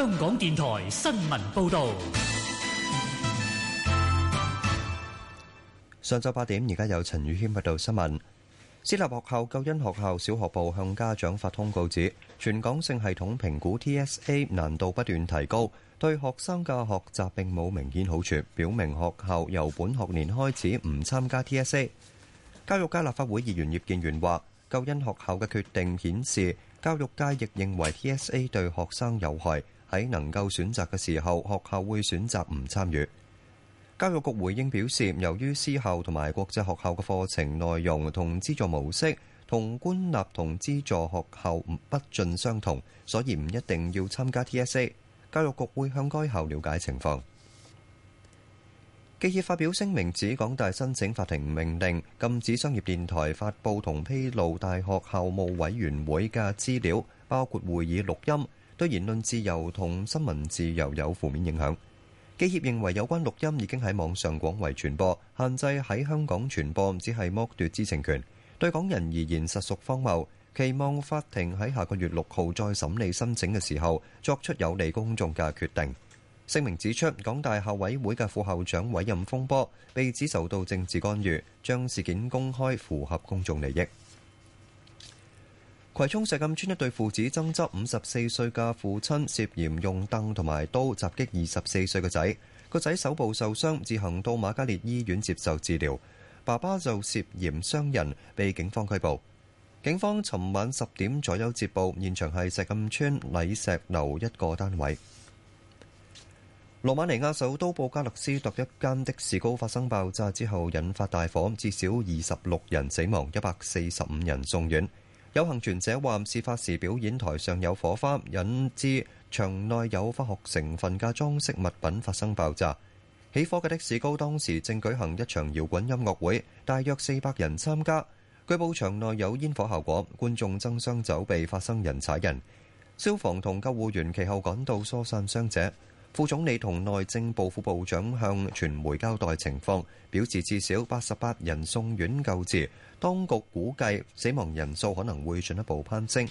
香港電台新聞報道：上晝八點，而家有陳宇謙報道新聞。私立學校救恩學校小學部向家長發通告，指全港性系統評估 TSA 難度不斷提高，對學生嘅學習並冇明顯好處，表明學校由本學年開始唔參加 TSA。教育界立法會議員葉建源話，救恩學校嘅決定顯示，教育界亦認為 TSA 對學生有害。喺能夠選擇嘅時候，學校會選擇唔參與。教育局回應表示，由於私校同埋國際學校嘅課程內容同資助模式同官立同資助學校不，不盡相同，所以唔一定要參加 TSA。教育局會向該校了解情況。記者發表聲明指，港大申請法庭命令禁止商業電台發布同披露大學校務委員會嘅資料，包括會議錄音。對言論自由同新聞自由有負面影響。記協認為有關錄音已經喺網上廣為傳播，限制喺香港傳播只係剝奪知情權，對港人而言實屬荒謬。期望法庭喺下個月六號再審理申請嘅時候作出有利公眾嘅決定。聲明指出，港大校委會嘅副校長委任風波被指受到政治干預，將事件公開符合公眾利益。葵涌石蔭村一對父子爭執，五十四歲嘅父親涉嫌用凳同埋刀襲擊二十四歲嘅仔，個仔手部受傷，自行到瑪嘉烈醫院接受治療。爸爸就涉嫌傷人，被警方拘捕。警方尋晚十點左右接報，現場係石蔭村禮石樓一個單位。羅馬尼亞首都布加勒斯特一間的士高發生爆炸之後，引發大火，至少二十六人死亡，一百四十五人送院。有幸存者話，事發時表演台上有火花，引致場內有化學成分嘅裝飾物品發生爆炸。起火嘅的，的士高當時正舉行一場搖滾音樂會，大約四百人參加。據報場內有煙火效果，觀眾爭相走避，發生人踩人。消防同救護員其後趕到疏散傷者。副總理同內政部副部長向傳媒交代情況，表示至少八十八人送院救治。當局估計死亡人數可能會進一步攀升。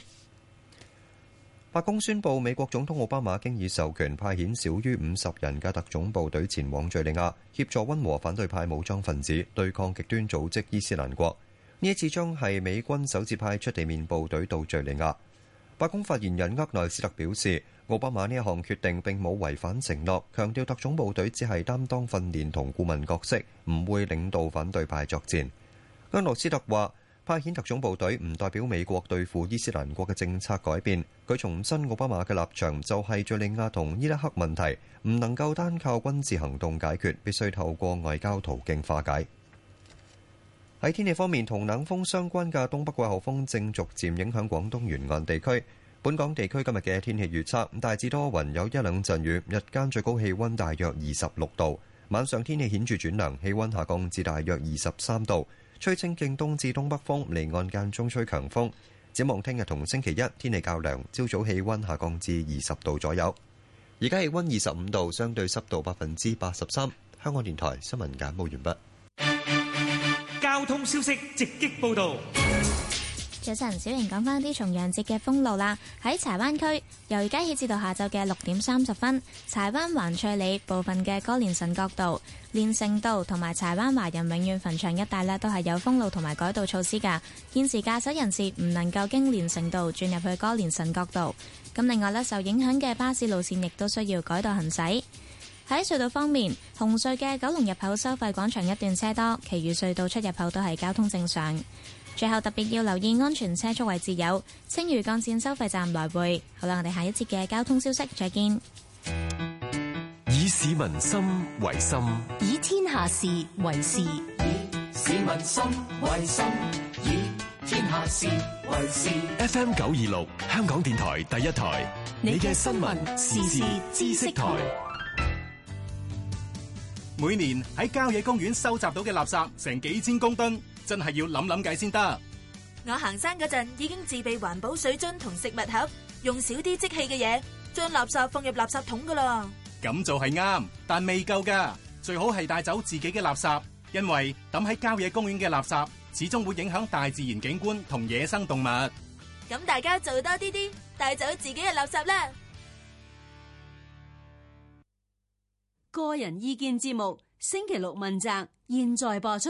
白宮宣布，美國總統奧巴馬經已授權派遣少於五十人嘅特種部隊前往敍利亞，協助温和反對派武裝分子對抗極端組織伊斯蘭國。呢一次將係美軍首次派出地面部隊到敍利亞。白宮發言人厄奈斯特表示，奧巴馬呢一項決定並冇違反承諾，強調特種部隊只係擔當訓練同顧問角色，唔會領導反對派作戰。安洛斯特話：派遣特種部隊唔代表美國對付伊斯蘭國嘅政策改變。佢重申，奧巴馬嘅立場就係敍利亞同伊拉克問題唔能夠單靠軍事行動解決，必須透過外交途徑化解。喺天氣方面，同冷風相關嘅東北季候風正逐漸影響廣東沿岸地區。本港地區今日嘅天氣預測大致多雲，有一兩陣雨。日間最高氣温大約二十六度，晚上天氣顯著轉涼，氣温下降至大約二十三度。吹清勁東至東北風，離岸間中吹強風。展望聽日同星期一，天氣較涼，朝早氣温下降至二十度左右。而家氣温二十五度，相對濕度百分之八十三。香港電台新聞簡報完畢。交通消息直擊報道。早晨，小瑩講翻啲重陽節嘅封路啦。喺柴灣區，由而家起至到下晝嘅六點三十分，柴灣環翠里部分嘅歌連臣角道、連城道同埋柴灣華人永遠墳場一帶呢，都係有封路同埋改道措施嘅。現時駕駛人士唔能夠經連城道轉入去歌連臣角道。咁另外呢，受影響嘅巴士路線亦都需要改道行駛。喺隧道方面，紅隧嘅九龍入口收費廣場一段車多，其餘隧道出入口都係交通正常。最後特別要留意安全車速位置，有青嶼幹線收費站來回。好啦，我哋下一節嘅交通消息，再見。以市民心為心，以天下事為事。以市民心為心，以天下事為事。F M 九二六，香港電台第一台。你嘅新聞時事知識台。每年喺郊野公園收集到嘅垃圾成幾千公噸。真係要諗諗計先得。我行山嗰陣已經自備環保水樽同食物盒，用少啲即棄嘅嘢，將垃圾放入垃圾桶噶啦。咁就係啱，但未夠噶，最好係帶走自己嘅垃圾，因為抌喺郊野公園嘅垃圾始終會影響大自然景觀同野生動物。咁大家做多啲啲，帶走自己嘅垃圾啦。個人意見節目星期六問責，現在播出。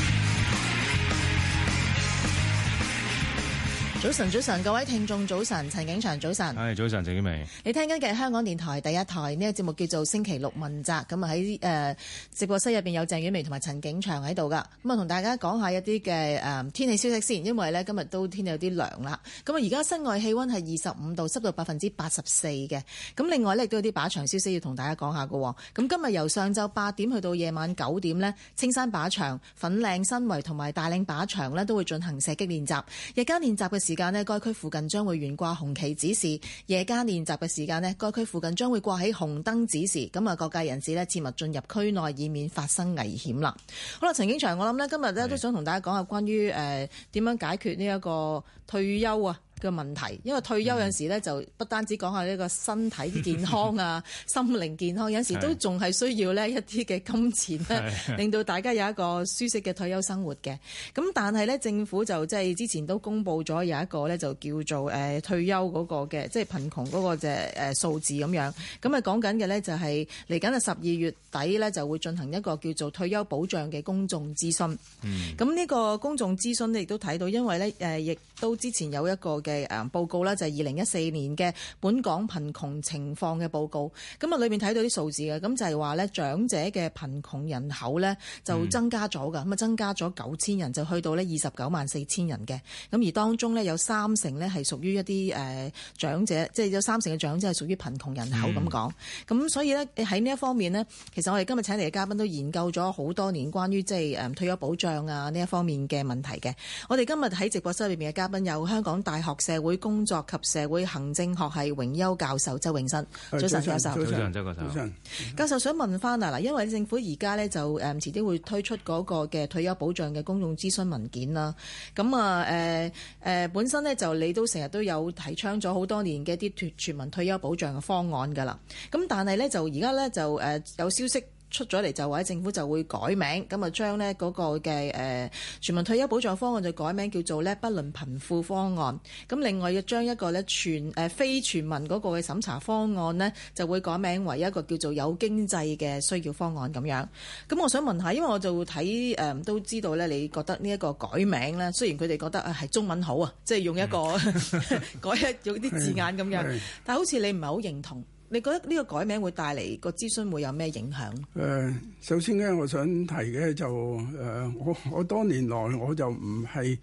早晨，早晨，各位聽眾早晨，陳景祥，早晨。係，早晨，鄭婉薇。你聽緊嘅香港電台第一台呢，這個節目，叫做《星期六問責》。咁啊喺誒直播室入邊有鄭婉薇同埋陳景祥喺度噶。咁啊同大家講下一啲嘅誒天氣消息先，因為咧今日都天有啲涼啦。咁啊而家室外氣溫係二十五度，濕度百分之八十四嘅。咁另外咧亦都有啲靶場消息要同大家講下嘅喎。咁今日由上晝八點去到夜晚九點咧，青山靶場粉嶺新圍同埋大嶺靶場咧都會進行射擊練習，日間練習嘅時，時間呢，該區附近將會懸掛紅旗指示，夜間練習嘅時間呢，該區附近將會掛起紅燈指示。咁啊，各界人士呢，切勿進入區內，以免發生危險啦。嗯、好啦，陳景祥，我諗呢今日呢，都想同大家講下關於誒點樣解決呢一個退休啊。嘅問題，因為退休有陣時咧，嗯、就不單止講下呢個身體健康啊、 心靈健康，有陣時都仲係需要咧一啲嘅金錢咧、嗯、令到大家有一個舒適嘅退休生活嘅。咁但係咧，政府就即係之前都公布咗有一個咧，就叫做誒退休嗰個嘅，即係貧窮嗰個即係誒數字咁樣。咁啊講緊嘅咧就係嚟緊啊十二月底咧就會進行一個叫做退休保障嘅公眾諮詢。嗯。咁呢個公眾諮詢咧亦都睇到，因為咧誒亦都之前有一個嘅。嘅誒報告啦，就係二零一四年嘅本港貧窮情況嘅報告。咁啊，裏面睇到啲數字嘅，咁就係話咧，長者嘅貧窮人口咧就增加咗噶，咁啊、嗯、增加咗九千人，就去到呢二十九萬四千人嘅。咁而當中呢，有三成呢係屬於一啲誒長者，即係有三成嘅長者係屬於貧窮人口咁講。咁、嗯、所以呢，喺呢一方面呢，其實我哋今日請嚟嘅嘉賓都研究咗好多年關於即係誒退休保障啊呢一方面嘅問題嘅。我哋今日喺直播室裏面嘅嘉賓有香港大學社會工作及社會行政學系榮休教授周永新，早晨教授，早晨教授，教授，想問翻啊嗱，因為政府而家咧就誒，遲啲會推出嗰個嘅退休保障嘅公眾諮詢文件啦。咁啊誒誒，本身咧就你都成日都有提倡咗好多年嘅一啲全民退休保障嘅方案噶啦。咁但係咧就而家咧就誒、呃、有消息。出咗嚟就或者政府就會改名，咁啊將呢嗰個嘅誒、呃、全民退休保障方案就改名叫做呢，不論貧富方案，咁另外要將一個呢全誒、呃、非全民嗰個嘅審查方案呢，就會改名為一個叫做有經濟嘅需要方案咁樣。咁我想問下，因為我就睇誒、呃、都知道呢，你覺得呢一個改名呢，雖然佢哋覺得啊係中文好啊，即係用一個、嗯、 改用一用啲字眼咁樣，但好似你唔係好認同。你覺得呢個改名會帶嚟個諮詢會有咩影響？誒、呃，首先咧，我想提嘅就誒、是呃，我我多年來我就唔係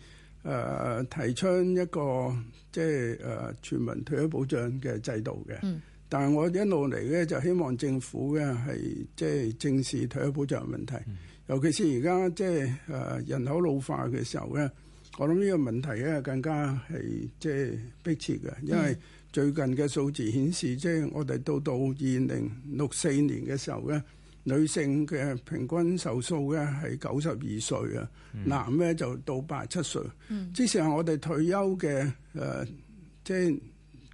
誒提倡一個即係誒全民退休保障嘅制度嘅。嗯、但係我一路嚟咧就希望政府嘅係即係正視退休保障嘅問題，嗯、尤其是而家即係誒人口老化嘅時候咧，我諗呢個問題咧更加係即係迫切嘅，因為、嗯。最近嘅數字顯示，即係我哋到到二零六四年嘅時候咧，女性嘅平均壽數咧係九十二歲啊，嗯、男咧就到八七歲。即使係我哋退休嘅誒、呃，即係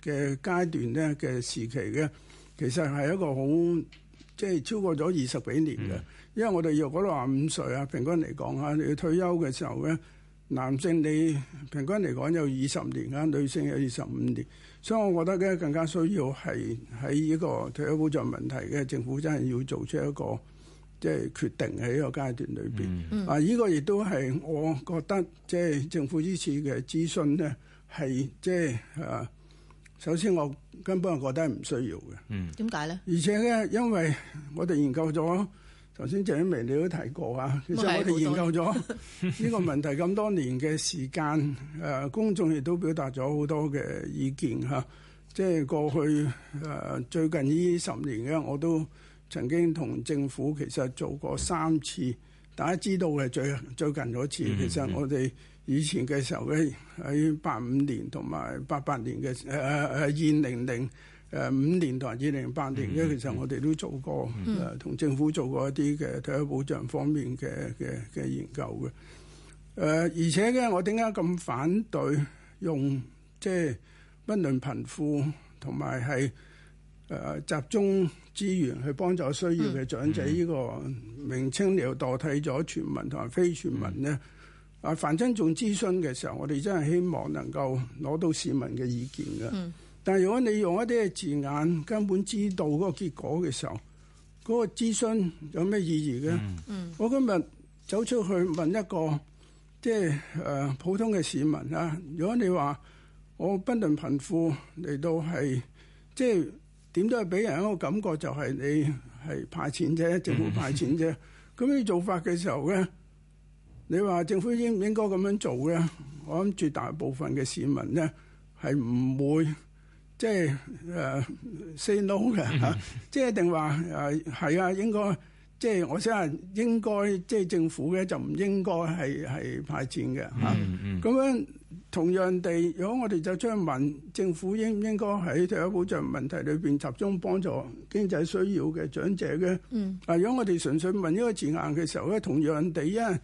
嘅階段咧嘅時期嘅，其實係一個好即係超過咗二十幾年嘅，嗯、因為我哋若果六十五歲啊，平均嚟講啊，你退休嘅時候咧，男性你平均嚟講有二十年啊，女性有二十五年。所以，我覺得咧更加需要係喺呢個退休保障問題嘅政府真係要做出一個即係決定喺呢個階段裏邊。嗯、啊，依、呢個亦都係我覺得即係、就是、政府依次嘅諮詢咧，係即係啊，首先我根本係覺得係唔需要嘅。點解咧？呢而且咧，因為我哋研究咗。頭先鄭曉明你都提過啊，其實我哋研究咗呢個問題咁多年嘅時間，誒 公眾亦都表達咗好多嘅意見嚇，即、就、係、是、過去誒、呃、最近呢十年咧，我都曾經同政府其實做過三次，大家知道嘅最最近嗰次，其實我哋以前嘅時候喺八五年同埋八八年嘅誒二零零。呃誒五年同二零零八年咧，嗯、其實我哋都做過，誒同、嗯呃、政府做過一啲嘅退休保障方面嘅嘅嘅研究嘅。誒、呃、而且咧，我點解咁反對用即係不論貧富同埋係誒集中資源去幫助需要嘅長者呢、嗯、個名稱又代替咗全民同埋非全民呢、嗯、啊，凡真眾諮詢嘅時候，我哋真係希望能夠攞到市民嘅意見嘅。嗯但係如果你用一啲字眼，根本知道嗰個結果嘅時候，嗰、嗰個諮詢有咩意義咧？嗯、我今日走出去問一個即係誒、呃、普通嘅市民啊，如果你話我不論貧富嚟到係即係點都係俾人一個感覺，就係、係、你係派錢啫，政府派錢啫。咁、嗯、你做法嘅時候咧，你話政府應唔應該咁樣做咧？我諗絕大部分嘅市民咧係唔會。即係誒、uh, say no 嘅、uh, 嚇， 即係一定話誒係啊，應該即係我想係應該即係政府咧就唔應該係係派錢嘅嚇。咁、uh, 樣同樣地，如果我哋就將問政府應唔應該喺退休保障問題裏邊集中幫助經濟需要嘅長者咧，嗱 如果我哋純粹問一個字眼嘅時候咧，同樣地啊。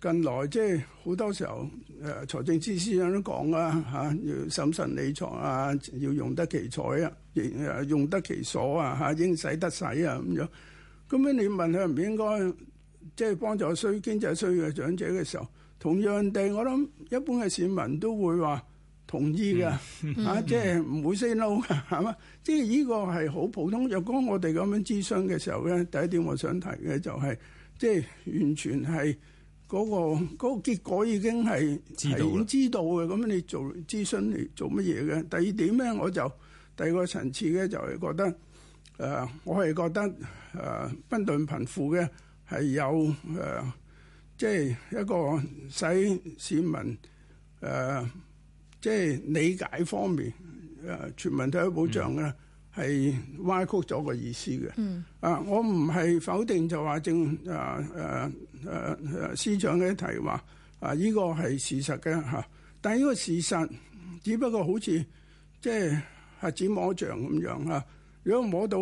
近來即係好多時候，誒、啊、財政司司長都講啦，嚇、啊、要審慎理財啊，要用得其財啊，用用得其所啊，嚇應使得使啊咁樣。咁樣你問佢唔應該即係幫助需經濟需要嘅長者嘅時候，同樣地，我諗一般嘅市民都會話同意㗎，嚇、 啊、即係唔會 say no 㗎，係嘛？即係呢個係好普通。若果我哋咁樣諮詢嘅時候咧，第一點我想提嘅就係、是、即係完全係。嗰、那個嗰、那個結果已經係已經知道嘅，咁你做諮詢嚟做乜嘢嘅？第二點咧，我就第二個層次咧、呃呃呃，就係覺得誒，我係覺得誒，不論貧富嘅係有誒，即係一個使市民誒，即、呃、係、就是、理解方面誒、呃，全民都有保障嘅。嗯係歪曲咗個意思嘅、嗯呃呃呃。啊，我唔係否定就話正啊啊啊啊司長嘅提話啊，依個係事實嘅嚇。但係呢個事實，只不過好似即係瞎子摸象咁樣嚇、啊。如果摸到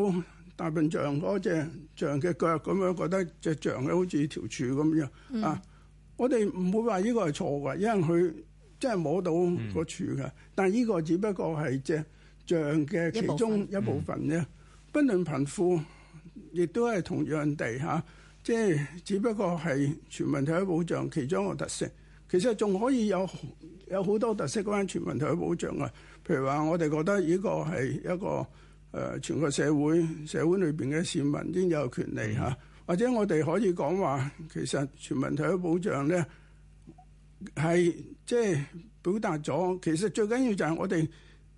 大笨象嗰隻象嘅腳咁樣，覺得隻象好似條柱咁樣、嗯、啊。我哋唔會話呢個係錯嘅，因為佢即係摸到個柱嘅。嗯、但係呢個只不過係即係。象嘅其中一部分呢，嗯、不論貧富，亦都係同樣地吓，即係只不過係全民退休保障其中一個特色。其實仲可以有有好多特色關於全民退休保障啊。譬如話，我哋覺得呢個係一個誒、呃，全個社會社會裏邊嘅市民應有權利吓，嗯、或者我哋可以講話，其實全民退休保障咧係即係表達咗，其實最緊要就係我哋。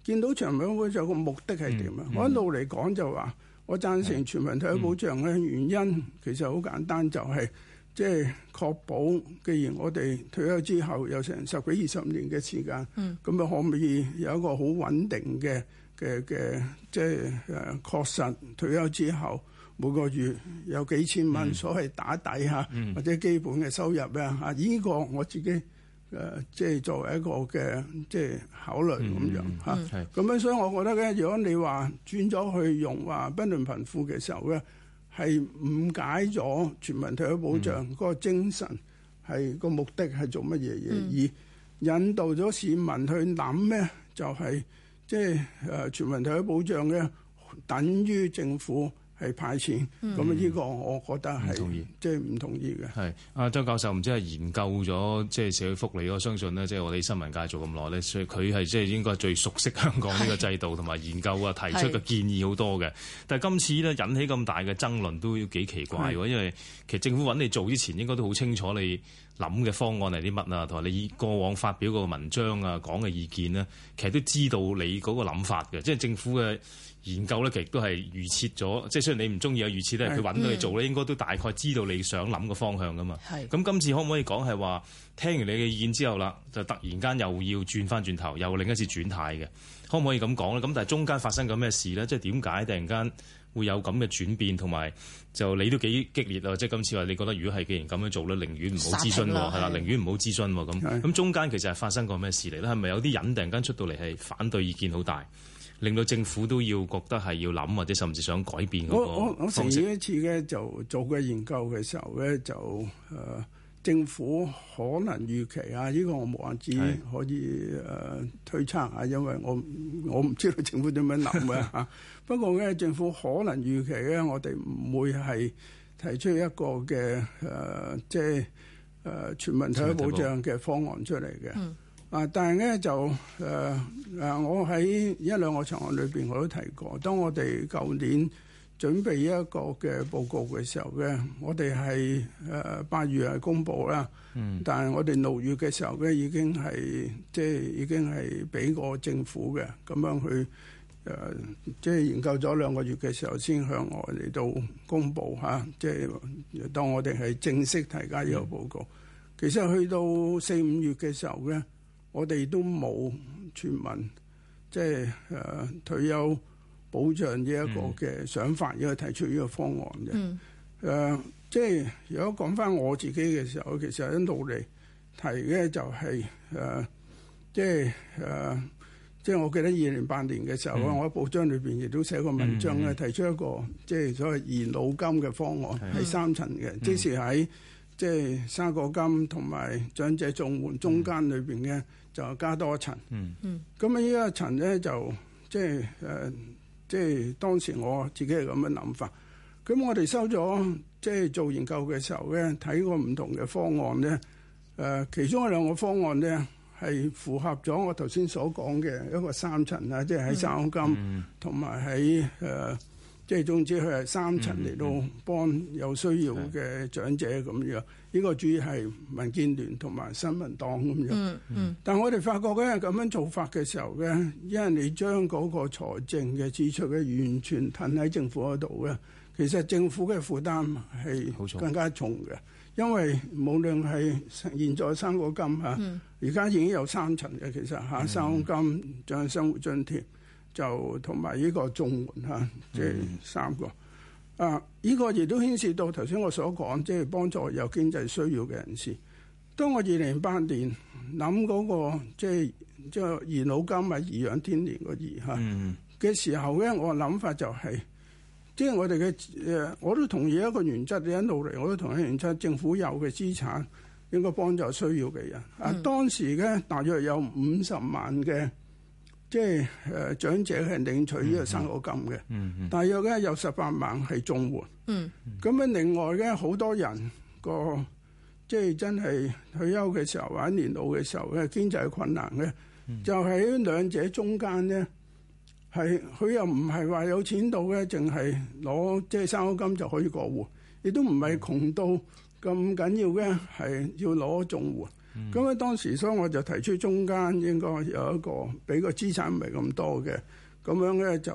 見到全民保障個目的係點啊？Mm hmm. 我一路嚟講就話，我贊成全民退休保障嘅原因、mm hmm. 其實好簡單，就係即係確保，既然我哋退休之後有成十幾二十年嘅時間，咁啊可唔可以有一個好穩定嘅嘅嘅，即係誒確實退休之後每個月有幾千蚊、mm hmm. 所謂打底吓，或者基本嘅收入啊？啊、mm，呢、hmm. 個我自己。誒，即係作為一個嘅，即係考慮咁樣嚇，咁樣所以我覺得咧，如果你話轉咗去用話不論貧富嘅時候咧，係誤解咗全民退休保障嗰個精神，係個目的係做乜嘢嘢，嗯、而引導咗市民去諗咧，就係即係誒全民退休保障咧，等於政府。係派錢，咁，嗯，呢個我覺得係，即係唔同意嘅。係啊，周教授唔知係研究咗即係社會福利，我相信咧，即係我哋新聞界做咁耐咧，所以佢係即係應該係最熟悉香港呢個制度同埋是研究啊，提出嘅建議好多嘅。但係今次咧引起咁大嘅爭論，都要幾奇怪喎，是因為其實政府揾你做之前，應該都好清楚你。諗嘅方案係啲乜啊？同埋你以往發表個文章啊、講嘅意見咧，其實都知道你嗰個諗法嘅。即係政府嘅研究咧，其實都係預設咗。即係雖然你唔中意啊預設，但係佢揾到你做咧，應該都大概知道你想諗個方向噶嘛。咁係嘅今次可唔可以講係話聽完你嘅意見之後啦，就突然間又要轉翻轉頭，又另一次轉態嘅？可唔可以咁講咧？咁但係中間發生緊咩事咧？即係點解突然間會有咁嘅轉變，同埋就你都幾激烈啊！即係今次話，你覺得如果係既然咁樣做咧，寧願唔好諮詢喎，係啦，了是寧願唔好諮詢喎，咁咁是中間其實係發生過咩事嚟咧？係咪有啲人突然間出到嚟係反對意見好大，令到政府都要覺得係要諗，或者甚至想改變嗰個？我我我曾經一次咧就做嘅研究嘅時候咧就誒。呃政府可能預期啊，呢、這個我冇人知可以誒是、呃、推測啊，因為我我唔知道政府點樣諗嘅嚇。不過咧，政府可能預期咧，我哋唔會係提出一個嘅誒、呃，即係誒、呃、全民退休保障嘅方案出嚟嘅。嗯、啊，但係咧就誒誒、呃，我喺一兩個場合裏邊我都提過，當我哋舊年。準備一個嘅報告嘅時候咧，我哋係誒八月係公佈啦，嗯，但係我哋六月嘅時候咧已經係即係已經係俾個政府嘅咁樣去誒，即係研究咗兩個月嘅時候先向我哋度公佈嚇，即係當我哋係正式提交呢個報告。其實去到四五月嘅時候咧，我哋都冇全民，即係誒退休。保障呢一個嘅想法，要去提出呢個方案嘅。誒，即係如果講翻我自己嘅時候，其實喺努嚟提嘅就係誒，即係誒，即係我記得二零零八年嘅時候咧，我喺報章裏邊亦都寫過文章咧，提出一個即係所謂現老金嘅方案，係三層嘅，即是喺即係生果金同埋長者綜援中間裏邊嘅就加多一層。嗯，咁啊，呢一層咧就即係誒。即係當時我自己係咁嘅諗法，咁我哋收咗即係做研究嘅時候咧，睇過唔同嘅方案咧，誒、呃、其中兩個方案咧係符合咗我頭先所講嘅一個三層啦，即係喺三金同埋喺誒。嗯。即係總之，佢係三層嚟到幫有需要嘅長者咁、嗯嗯、樣。呢個主要係民建聯同埋新民黨咁樣。嗯嗯。嗯但我哋發覺咧，咁樣做法嘅時候咧，因為你將嗰個財政嘅支出咧，完全騰喺政府嗰度嘅，其實政府嘅負擔係更加重嘅。嗯嗯、因為無論係現在三個金嚇，而家、嗯、已經有三層嘅，其實嚇三金仲、嗯嗯、有生活津貼。就同埋呢個綜援嚇，即係三個。啊、呢、這個亦都牽涉到頭先我所講，即係幫助有經濟需要嘅人士。當我、那個、二零零八年諗嗰個即係即係頤老金養天個啊、頤養天年個頤嚇嘅時候咧，我諗法就係、是，即係我哋嘅誒，我都同意一個原則，一路嚟我都同意原則，政府有嘅資產應該幫助需要嘅人。啊，當時咧大約有五十萬嘅。即係誒、呃、長者係領取呢個生果金嘅，但係、mm hmm. 大約咧有十八萬係綜援。咁啊、mm，hmm. 另外咧好多人個即係真係退休嘅時候或者年老嘅時候咧經濟困難咧，mm hmm. 就喺兩者中間咧係佢又唔係話有錢到咧，淨係攞即係生果金就可以過活，亦都唔係窮到咁緊要嘅，係要攞綜援。咁咧、嗯、當時，所以我就提出中間應該有一個，個資，俾個資產唔係咁多嘅，咁樣咧就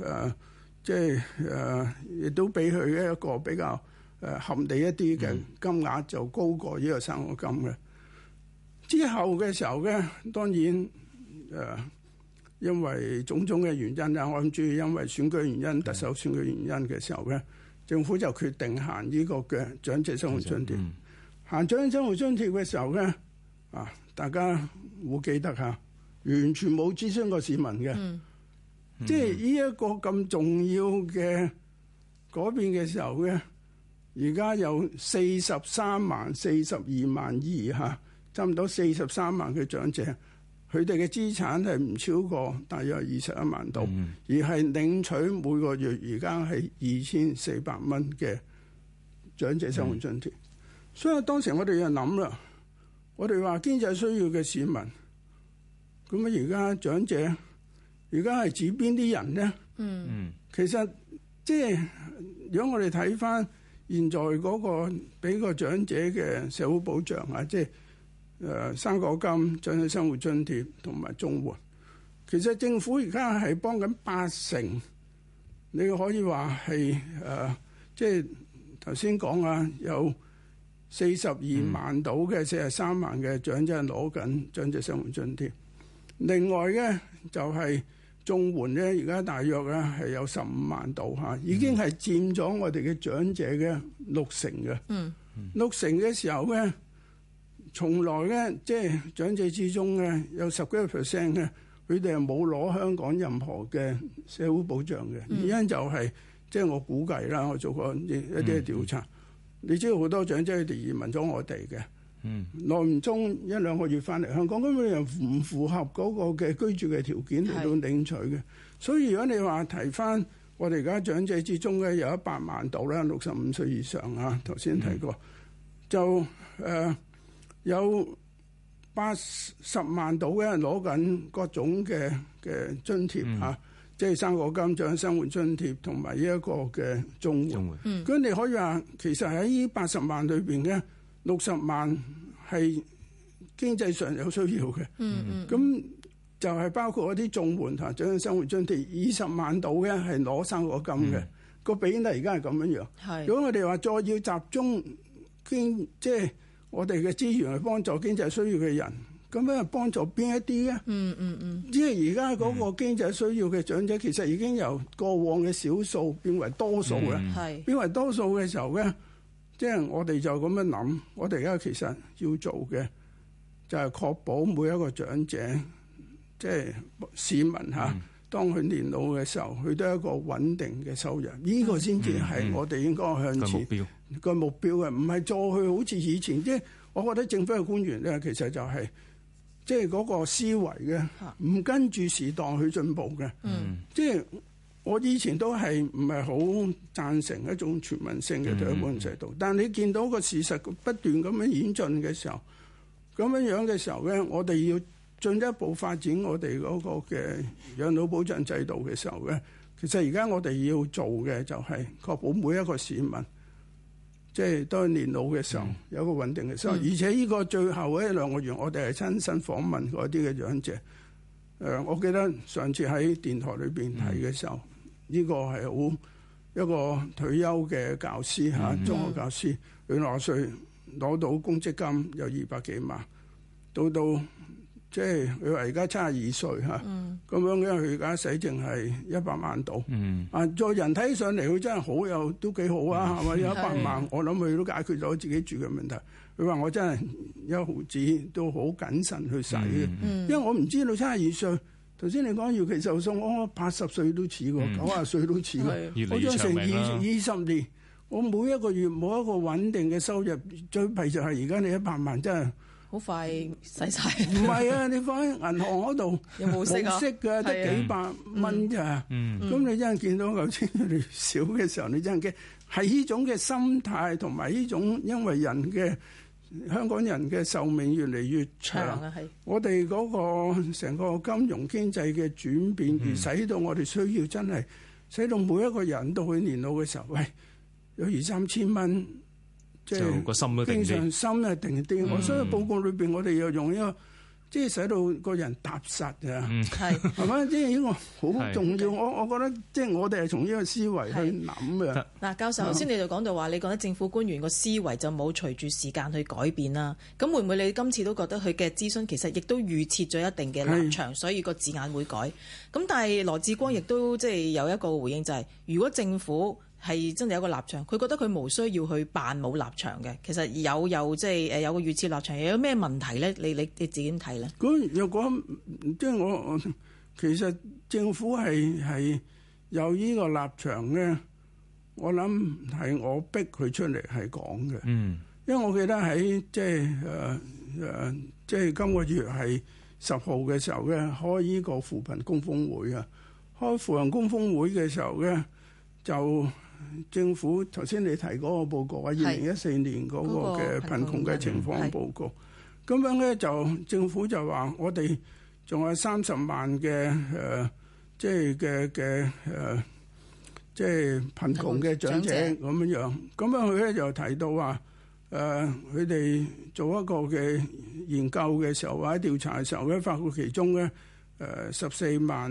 誒，即係誒、呃，亦都俾佢一個比較誒合理一啲嘅金額，就高過呢個生活金嘅。之後嘅時候咧，當然誒、呃，因為種種嘅原因啦，我諗住因為選舉原因、嗯、特首選舉原因嘅時候咧，政府就決定限呢個嘅長者生活津貼。嗯嗯行長者生活津貼嘅時候咧，啊，大家會記得吓，完全冇諮詢過市民嘅，嗯、即係呢一個咁重要嘅改變嘅時候咧。而家有四十三萬四十二萬二吓，差唔多四十三萬嘅長者，佢哋嘅資產係唔超過大約二十一萬度，嗯、而係領取每個月而家係二千四百蚊嘅長者生活津貼。嗯嗯所以當時我哋又諗啦，我哋話經濟需要嘅市民，咁啊而家長者，而家係指邊啲人咧？嗯，其實即係如果我哋睇翻現在嗰個俾個長者嘅社會保障啊，即係誒生果金、長者生活津貼同埋綜援，其實政府而家係幫緊八成，你可以話係誒，即係頭先講啊有，四十二萬度嘅、四十三萬嘅長者攞緊長者生活津貼，另外咧就係綜援咧，而家大約咧係有十五萬度嚇，已經係佔咗我哋嘅長者嘅六成嘅。嗯，六成嘅時候咧，從來咧即係長者之中咧有十幾個 percent 咧，佢哋係冇攞香港任何嘅社會保障嘅，原因就係即係我估計啦，我做過一啲調查。嗯嗯你知道好多長者佢哋移民咗我哋嘅，嗯，耐唔中一兩個月翻嚟香港，根本又唔符合嗰個嘅居住嘅條件嚟到領取嘅。是所以如果你話提翻我哋而家長者之中咧，有一百萬度啦，六十五歲以上啊，頭先提過，嗯、就誒、呃、有八十萬度嘅人攞緊各種嘅嘅津貼嚇。嗯嗯即係生果金、長者生活津貼同埋呢一個嘅綜援，咁、嗯、你可以話其實喺依八十萬裏邊咧，六十萬係經濟上有需要嘅，咁、嗯嗯、就係包括一啲綜援同長者生活津貼，二十萬到嘅係攞生果金嘅個、嗯、比例而家係咁樣樣。是如果我哋話再要集中經，即係我哋嘅資源去幫助經濟需要嘅人。咁樣幫助邊一啲咧、嗯？嗯嗯嗯，即係而家嗰個經濟需要嘅長者，其實已經由過往嘅少數變為多數啦。係、嗯、變為多數嘅時候咧，即、就、係、是、我哋就咁樣諗，我哋而家其實要做嘅就係確保每一個長者，即、就、係、是、市民嚇，嗯、當佢年老嘅時候，佢都係一個穩定嘅收入。呢、這個先至係我哋應該向前個目標。個目標嘅，唔係再去好似以前，即係我覺得政府嘅官員咧，其實就係、是。即係嗰個思維嘅，唔跟住時代去進步嘅。Mm. 即係我以前都係唔係好贊成一種全民性嘅退休保障制度。Mm. 但係你見到個事實不斷咁樣演進嘅時候，咁樣樣嘅時候咧，我哋要進一步發展我哋嗰個嘅養老保障制度嘅時候咧，其實而家我哋要做嘅就係確保每一個市民。即係當年老嘅時,時候，有個穩定嘅收入。而且呢個最後一兩個月，我哋係親身訪問嗰啲嘅養者。誒、嗯，我記得上次喺電台裏邊睇嘅時候，呢、嗯、個係好一個退休嘅教師嚇、嗯啊，中學教師，六十歲攞到公積金有二百幾萬，到到。即係佢話而家七廿二歲嚇，咁樣咧佢而家使淨係一百萬度，啊在人睇上嚟佢真係好有，都幾好啊，係咪？有一百萬，我諗佢都解決咗自己住嘅問題。佢話我真係一毫子都好謹慎去使。因為我唔知道七廿二歲。頭先你講預期壽，我八十歲都似過，九廿歲都似。我將成二二十年，我每一個月冇一個穩定嘅收入，最弊就係而家你一百萬真係。好快使晒，唔係啊，你放喺銀行嗰度，冇 息噶、啊，得幾百蚊咋。咁你真係見到投資越嚟越少嘅時候，你真係驚。係呢種嘅心態，同埋呢種因為人嘅香港人嘅壽命越嚟越長啊。係、嗯、我哋嗰個成個金融經濟嘅轉變，而使到我哋需要真係使到每一個人到佢年老嘅時候，喂、哎，有二三千蚊。即係個心都定啲，平常心啊定啲。我、嗯、所以報告裏邊，我哋又用一個即係使到個人踏實啊，係係咪先？呢個好重要。是我我覺得即係、就是、我哋係從呢個思維去諗嘅。嗱，教授頭先、嗯、你就講到話，你覺得政府官員個思維就冇隨住時間去改變啦。咁會唔會你今次都覺得佢嘅諮詢其實亦都預設咗一定嘅立場，的所以個字眼會改？咁但係羅致光亦都即係有一個回應，就係、是、如果政府係真係有個立場，佢覺得佢冇需要去扮冇立場嘅。其實有有即係誒有個預設立場。有咩問題咧？你你你自己睇咧？咁若果即係我其實政府係係有呢個立場嘅。我諗係我逼佢出嚟係講嘅。嗯，因為我記得喺即係誒誒即係今個月係十號嘅時候咧，開呢個扶貧高峰會啊。開扶貧高峰會嘅時候咧，就。政府頭先你提嗰個報告啊，二零一四年嗰個嘅貧窮嘅情況報告，咁、那個、樣咧就政府就話我哋仲有三十萬嘅誒、呃，即係嘅嘅誒，即係貧窮嘅長者咁者樣。咁樣佢咧就提到話誒，佢、呃、哋做一個嘅研究嘅時候，或者調查嘅時候咧，發覺其中咧誒十四萬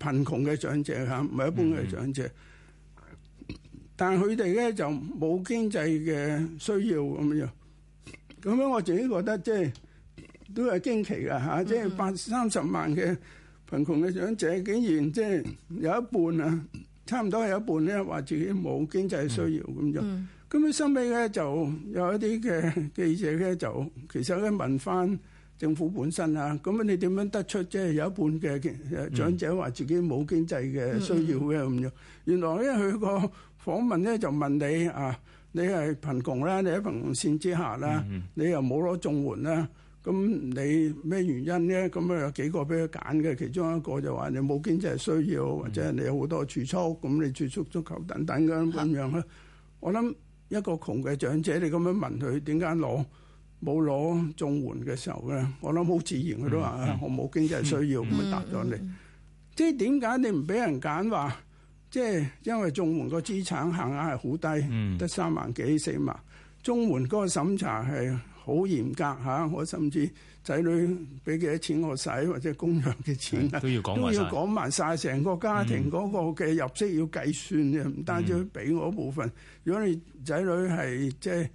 貧窮嘅長者嚇，唔係一般嘅長者。但係佢哋咧就冇經濟嘅需要咁樣，咁樣我自己覺得即係都係驚奇㗎吓，即係百三十萬嘅貧窮嘅長者，竟然即係有一半啊，差唔多係有一半咧話自己冇經濟需要咁樣。咁樣收尾咧就有一啲嘅記者咧就其實咧問翻政府本身啊，咁樣你點樣得出即係有一半嘅長者話自己冇經濟嘅需要嘅咁樣？原來咧佢個訪問咧就問你啊，你係貧窮啦，你喺貧窮線之下啦，你又冇攞綜援啦，咁你咩原因咧？咁啊有幾個俾佢揀嘅，其中一個就話你冇經濟需要，或者你有好多儲蓄，咁你儲蓄足夠等等咁樣啦。我諗一個窮嘅長者，你咁樣問佢點解攞冇攞綜援嘅時候咧，我諗好自然佢都話我冇經濟需要咁答咗你。即係點解你唔俾人揀話？即係因為綜援個資產限額係好低，得三、嗯、萬幾四萬。綜援嗰個審查係好嚴格嚇，我甚至仔女俾幾多錢我使，或者供養嘅錢都要講都要講埋晒成個家庭嗰個嘅入息要計算嘅，唔、嗯、單止俾我部分。如果你仔女係即係，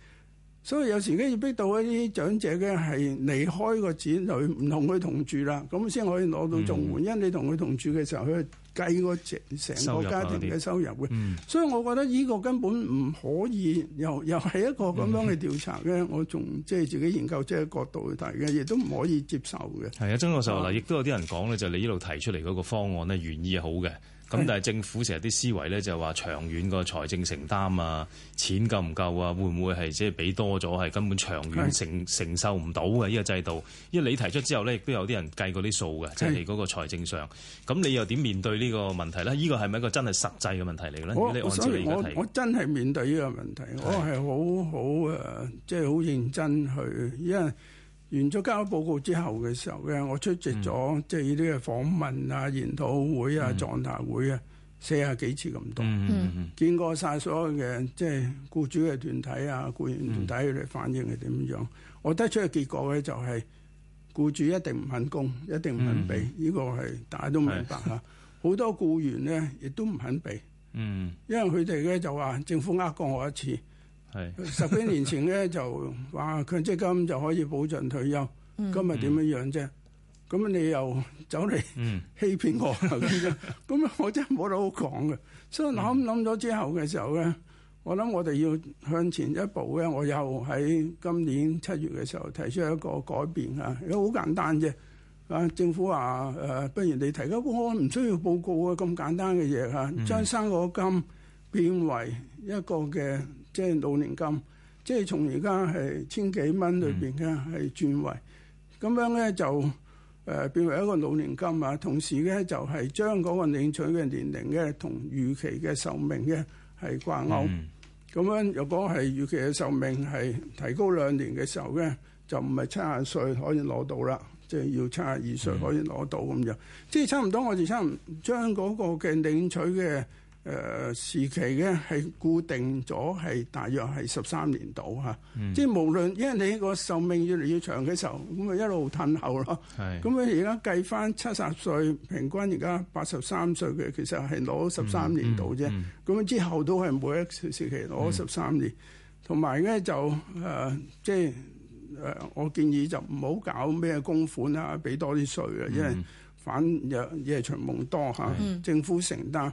所以有時咧要逼到一啲長者嘅係離開個子女，唔同佢同住啦，咁先可以攞到綜援。因為你同佢同住嘅時候，佢。計個成成個家庭嘅收入嘅，入所以我覺得呢個根本唔可以，又又係一個咁樣嘅調查咧。嗯嗯我仲即係自己研究即係角度去睇嘅，亦都唔可以接受嘅。係啊，曾教授嗱，亦都有啲人講咧，就係你呢度提出嚟嗰個方案咧，原意係好嘅。咁但係政府成日啲思維咧就係話長遠個財政承擔啊，錢夠唔夠啊？會唔會係即係俾多咗係根本長遠承承受唔到嘅呢個制度？是因為你提出之後咧，亦都有啲人計過啲數嘅，是即係嗰個財政上。咁你又點面對呢個問題咧？呢個係咪一個真係實際嘅問題嚟嘅咧？我如果你按照你而家提嘅問題。所以我，我真係面對呢個問題，我係好好誒，即係好認真去，因為。完咗交報告之後嘅時候咧，我出席咗即係呢啲嘅訪問啊、研討會啊、嗯、座談會啊，四十幾次咁多，嗯嗯、見過晒所有嘅即係僱主嘅團體啊、僱員團體，佢哋反應係點樣？我得出嘅結果咧就係僱主一定唔肯供，一定唔肯俾，呢、嗯、個係大家都明白嚇。好是多僱員咧亦都唔肯俾，嗯、因為佢哋咧就話政府呃過我一次。係 十幾年前咧就話強積金就可以保障退休，嗯、今日點樣樣啫？咁、嗯、你又走嚟欺騙我咁、嗯、樣，咁我真係冇得好講嘅。所以諗諗咗之後嘅時候咧，我諗我哋要向前一步咧，我又喺今年七月嘅時候提出一個改變嚇，因為好簡單啫。啊，政府話誒、呃，不如你提高，我唔需要報告啊，咁簡單嘅嘢嚇，將生果金變為一個嘅。即係老年金，即係從而家係千幾蚊裏邊嘅係轉為咁、嗯、樣咧，就誒變為一個老年金啊。同時咧，就係將嗰個領取嘅年齡咧同預期嘅壽命嘅係掛鈎。咁、嗯、樣，若果係預期嘅壽命係提高兩年嘅時候咧，就唔係七十歲可以攞到啦，即、就、係、是、要七十二歲可以攞到咁樣。嗯、即係差唔多，我哋差唔將嗰個嘅領取嘅。誒、呃、時期呢係固定咗係大約係十三年度嚇，嗯、即係無論因為你個壽命越嚟越長嘅時候，咁咪一路褪後咯。係咁啊！而家計翻七十歲平均而家八十三歲嘅，其實係攞十三年度啫。咁、嗯嗯嗯、之後都係每一個時期攞十三年，同埋咧就誒、呃、即係誒、呃、我建議就唔好搞咩公款啊，俾多啲稅啊，嗯、因為反夜夜長夢多嚇，政府承擔。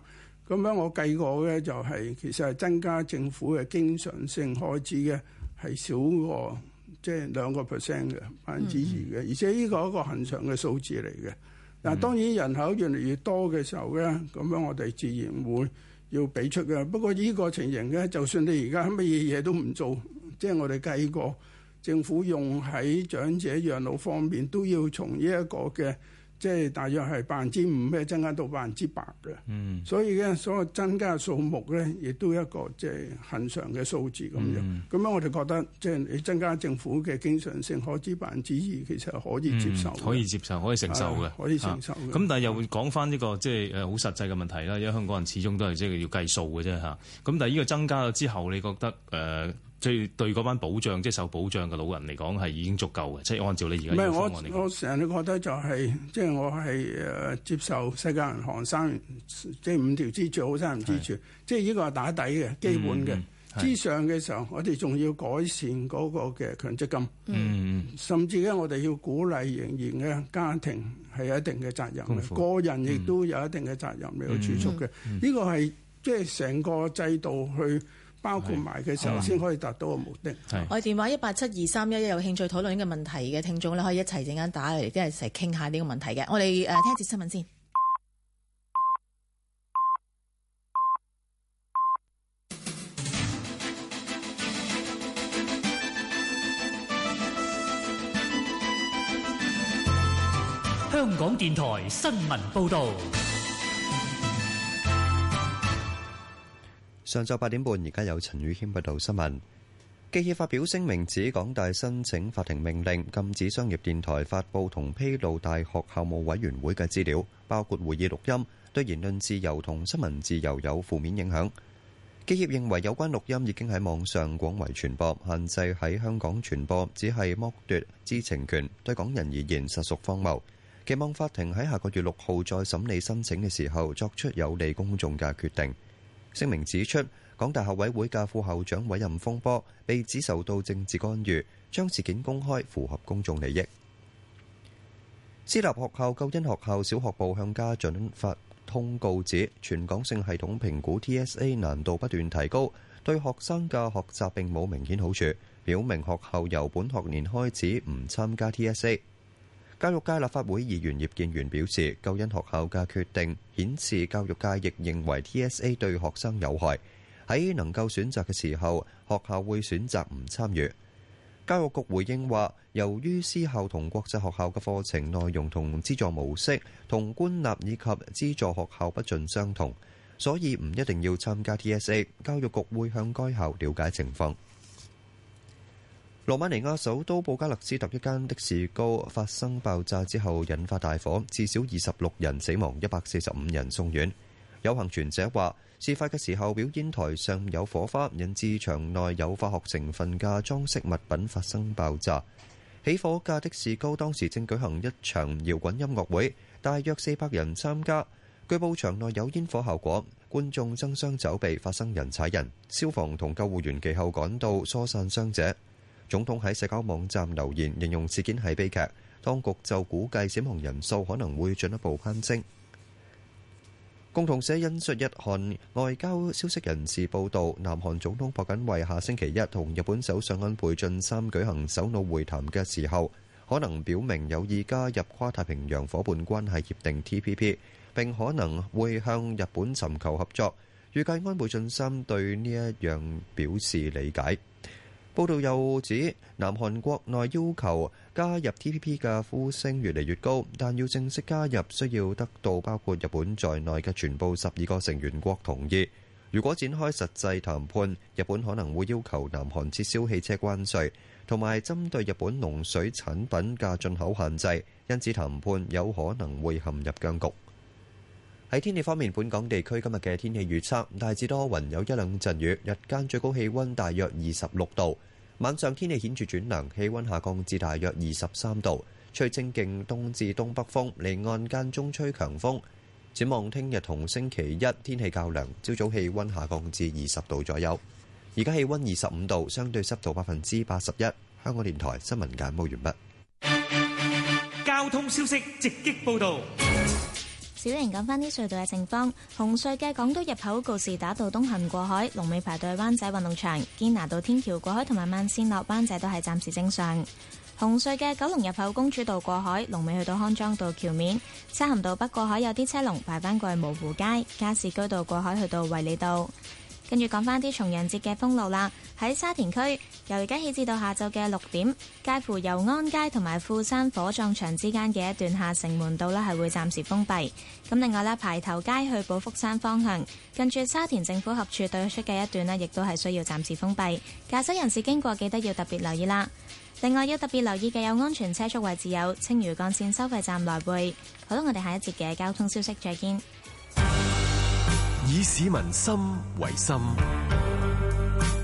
咁樣我計過咧，就係其實係增加政府嘅經常性開支嘅，係少過即係兩個 percent 嘅，百分之二嘅。而且呢個係一個恒常嘅數字嚟嘅。嗱，當然人口越嚟越多嘅時候咧，咁樣我哋自然會要俾出嘅。不過呢個情形咧，就算你而家乜嘢嘢都唔做，即係我哋計過政府用喺長者養老方面都要從呢一個嘅。即係大約係百分之五，咩增加到百分之百嘅？嗯所，所以咧，所有增加數目咧，亦都一個即係恆常嘅數字咁樣。嗯，咁樣我哋覺得即係、就是、你增加政府嘅經常性開支百分之二，其實係可以接受、嗯，可以接受，可以承受嘅，可以承受嘅。咁、啊、但係又講翻呢個即係誒好實際嘅問題啦。因為香港人始終都係即係要計數嘅啫嚇。咁但係呢個增加咗之後，你覺得誒？呃即係對嗰班保障，即係受保障嘅老人嚟講係已經足夠嘅，即係按照你而家。唔係我，我成日都覺得就係、是，即、就、係、是、我係誒、呃、接受世界銀行生，即係五條支柱，好三人支柱，是即係呢個係打底嘅基本嘅。嗯嗯、之上嘅時候，我哋仲要改善嗰個嘅強積金。嗯甚至咧，我哋要鼓勵仍然嘅家庭係有一定嘅責任嘅，夫個人亦都有一定嘅責任你去儲蓄嘅。呢個係即係成個制度去。包括埋嘅時候，先可以達到個目的。是我哋電話一八七二三一一，有興趣討論呢個問題嘅聽眾咧，可以一齊陣間打嚟，即係一齊傾下呢個問題嘅。我哋誒聽一節新聞先。香港電台新聞報道。上晝八點半，而家有陳宇軒報道新聞。記協發表聲明，指港大申請法庭命令禁止商業電台發布同披露大學校務委員會嘅資料，包括會議錄音，對言論自由同新聞自由有負面影響。記協認為有關錄音已經喺網上廣為傳播，限制喺香港傳播，只係剝奪知情權，對港人而言實屬荒謬。期望法庭喺下個月六號再審理申請嘅時候作出有利公眾嘅決定。聲明指出，港大校委會嘅副校長委任風波被指受到政治干預，將事件公開符合公眾利益。私立學校救恩學校小學部向家長發通告指，全港性系統評估 TSA 難度不斷提高，對學生嘅學習並冇明顯好處，表明學校由本學年開始唔參加 TSA。教育界立法會議員葉建源表示，救恩學校嘅決定顯示教育界亦認為 TSA 對學生有害。喺能夠選擇嘅時候，學校會選擇唔參與。教育局回應話，由於私校同國際學校嘅課程內容同資助模式同官立以及資助學校不盡相同，所以唔一定要參加 TSA。教育局會向該校了解情況。羅馬尼亞首都布加勒斯特一間的士高發生爆炸之後引發大火,至少26人死亡145人送院,有幸存者話,事發的時候表演台上有火花引致場內有化學成分嘅裝飾物品發生爆炸。起火架的士高當時正在舉行一場搖滾音樂會,大約400人參加,據報場內有煙火效果總統喺社交網站留言，形容事件係悲劇。當局就估計死亡人數可能會進一步攀升。共同社引述日韓外交消息人士報道，南韓總統朴槿惠下星期一同日本首相安倍晉三舉行首腦會談嘅時候，可能表明有意加入跨太平洋夥伴關係協定 （TPP），並可能會向日本尋求合作。預計安倍晉三對呢一樣表示理解。報道又指，南韓國內要求加入 TPP 嘅呼聲越嚟越高，但要正式加入需要得到包括日本在內嘅全部十二個成員國同意。如果展開實際談判，日本可能會要求南韓撤銷汽車關稅，同埋針對日本農水產品嘅進口限制。因此談判有可能會陷入僵局。喺天氣方面，本港地區今日嘅天氣預測大致多雲，有一兩陣雨，日間最高氣温大約二十六度。晚上天氣顯著轉涼，氣温下降至大約二十三度，吹清勁東至東北風，離岸間中吹強風。展望聽日同星期一，天氣較涼，朝早氣温下降至二十度左右。而家氣温二十五度，相對濕度百分之八十一。香港電台新聞簡報完畢。交通消息直擊報導。小玲講返啲隧道嘅情況，紅隧嘅港島入口告士打道東行過海龍尾排隊灣仔運動場，堅拿道天橋過海同埋慢線落灣仔都係暫時正常。紅隧嘅九龍入口公主道過海龍尾去到康莊道橋面，漆咸道北過海有啲車龍排返過去蕪湖街，加士居道過海去到衞理道。跟住講返啲重陽節嘅封路啦，喺沙田區由而家起至到下晝嘅六點，介乎油安街同埋富山火葬場之間嘅一段下城門道呢係會暫時封閉。咁另外呢，排頭街去寶福山方向，近住沙田政府合署對出嘅一段呢亦都係需要暫時封閉。駕駛人士經過記得要特別留意啦。另外要特別留意嘅有安全車速位置有青嶼幹線收費站來回。好啦，我哋下一節嘅交通消息，再見。以市民心為心，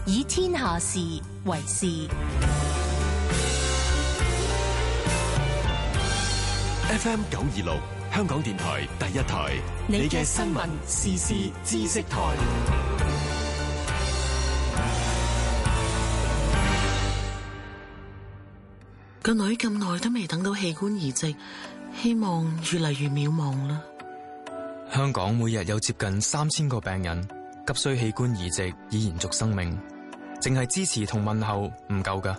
以天下事為事。FM 九二六，香港電台第一台，你嘅新聞、時事、知識台。個女咁耐都未等到器官移植，希望越嚟越渺茫啦。香港每日有接近三千個病人急需器官移植以延續生命，淨係支持同問候唔夠㗎，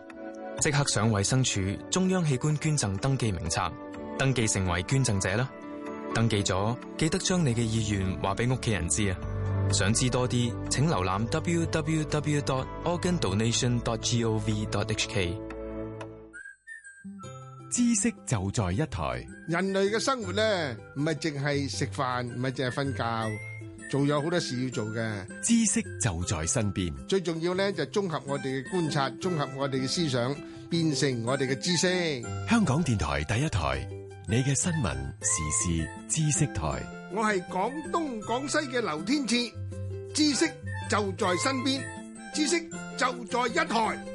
即刻上衛生署中央器官捐贈登記名冊，登記成為捐贈者啦。登記咗記得將你嘅意願話俾屋企人知啊。想知多啲，請瀏覽 www.organdonation.gov.hk。知識就在一台。人類嘅生活呢，唔係淨係食飯，唔係淨係瞓覺，仲有好多事要做嘅。知識就在身邊。最重要呢，就綜合我哋嘅觀察，綜合我哋嘅思想，變成我哋嘅知識。香港電台第一台，你嘅新聞時事知識台。我係廣東廣西嘅劉天賜，知識就在身邊，知識就在一台。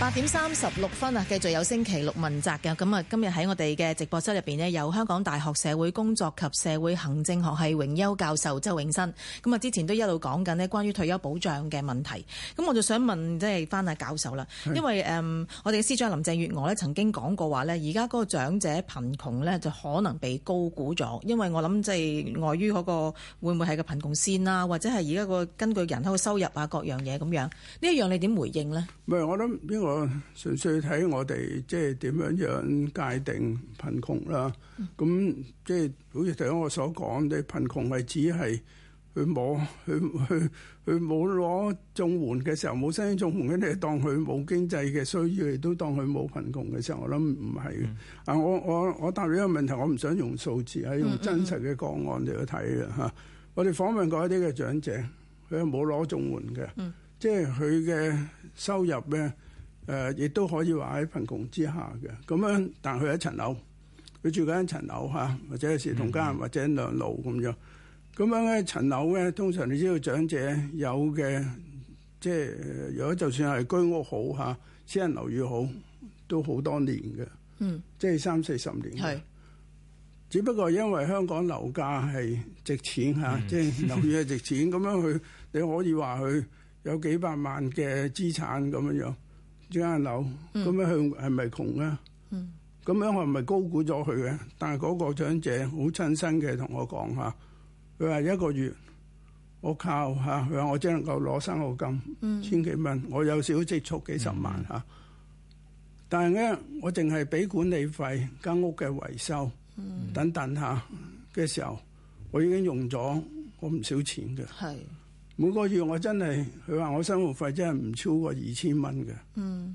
八點三十六分啊，繼續有星期六問責嘅咁啊，今日喺我哋嘅直播室入邊呢，有香港大學社會工作及社會行政學系榮休教授周永新。咁啊，之前都一路講緊呢關於退休保障嘅問題。咁我就想問，即係翻阿教授啦，因為誒，我哋嘅司長林鄭月娥咧曾經講過話呢：「而家嗰個長者貧窮呢，就可能被高估咗。」因為我諗即係外於嗰個會唔會係個貧窮線啊，或者係而家個根據人口嘅收入啊各樣嘢咁樣，呢一樣你點回應呢？唔係，我諗啊！純粹睇我哋即係點樣樣界定貧窮啦。咁即係好似頭先我所講，啲貧窮係只係佢冇佢佢佢冇攞綜援嘅時候，冇申請綜援嘅，你係當佢冇經濟嘅需要，亦都當佢冇貧窮嘅時候。我諗唔係嘅。啊！我我我答你一個問題，我唔想用數字，係用真實嘅個案嚟去睇嘅嚇。我哋訪問過一啲嘅長者，佢係冇攞綜援嘅，即係佢嘅收入咧。誒，亦都可以話喺貧窮之下嘅咁樣。但佢一層樓，佢住緊一層樓嚇，或者有時同家人或者兩樓咁、嗯、樣。咁樣咧，層樓咧，通常你知道長者有嘅，即係如果就算係居屋好嚇，私人樓宇好都好多年嘅，即係三四十年。係、嗯，只不過因為香港樓價係值錢嚇，嗯、即係樓宇係值錢咁、嗯、 樣，佢你可以話佢有幾百萬嘅資產咁樣樣。一間樓咁樣向係咪窮咧？咁、嗯、樣我係咪高估咗佢嘅？但係嗰個長者好親身嘅同我講嚇，佢話一個月我靠嚇，佢話我只能夠攞生果金、嗯、千幾蚊，我有少積蓄幾十萬嚇，嗯、但係咧我淨係俾管理費、間屋嘅維修、嗯、等等嚇嘅時候，我已經用咗我唔少錢嘅。嗯。每個月我真係，佢話我生活費真係唔超過二千蚊嘅。嗯，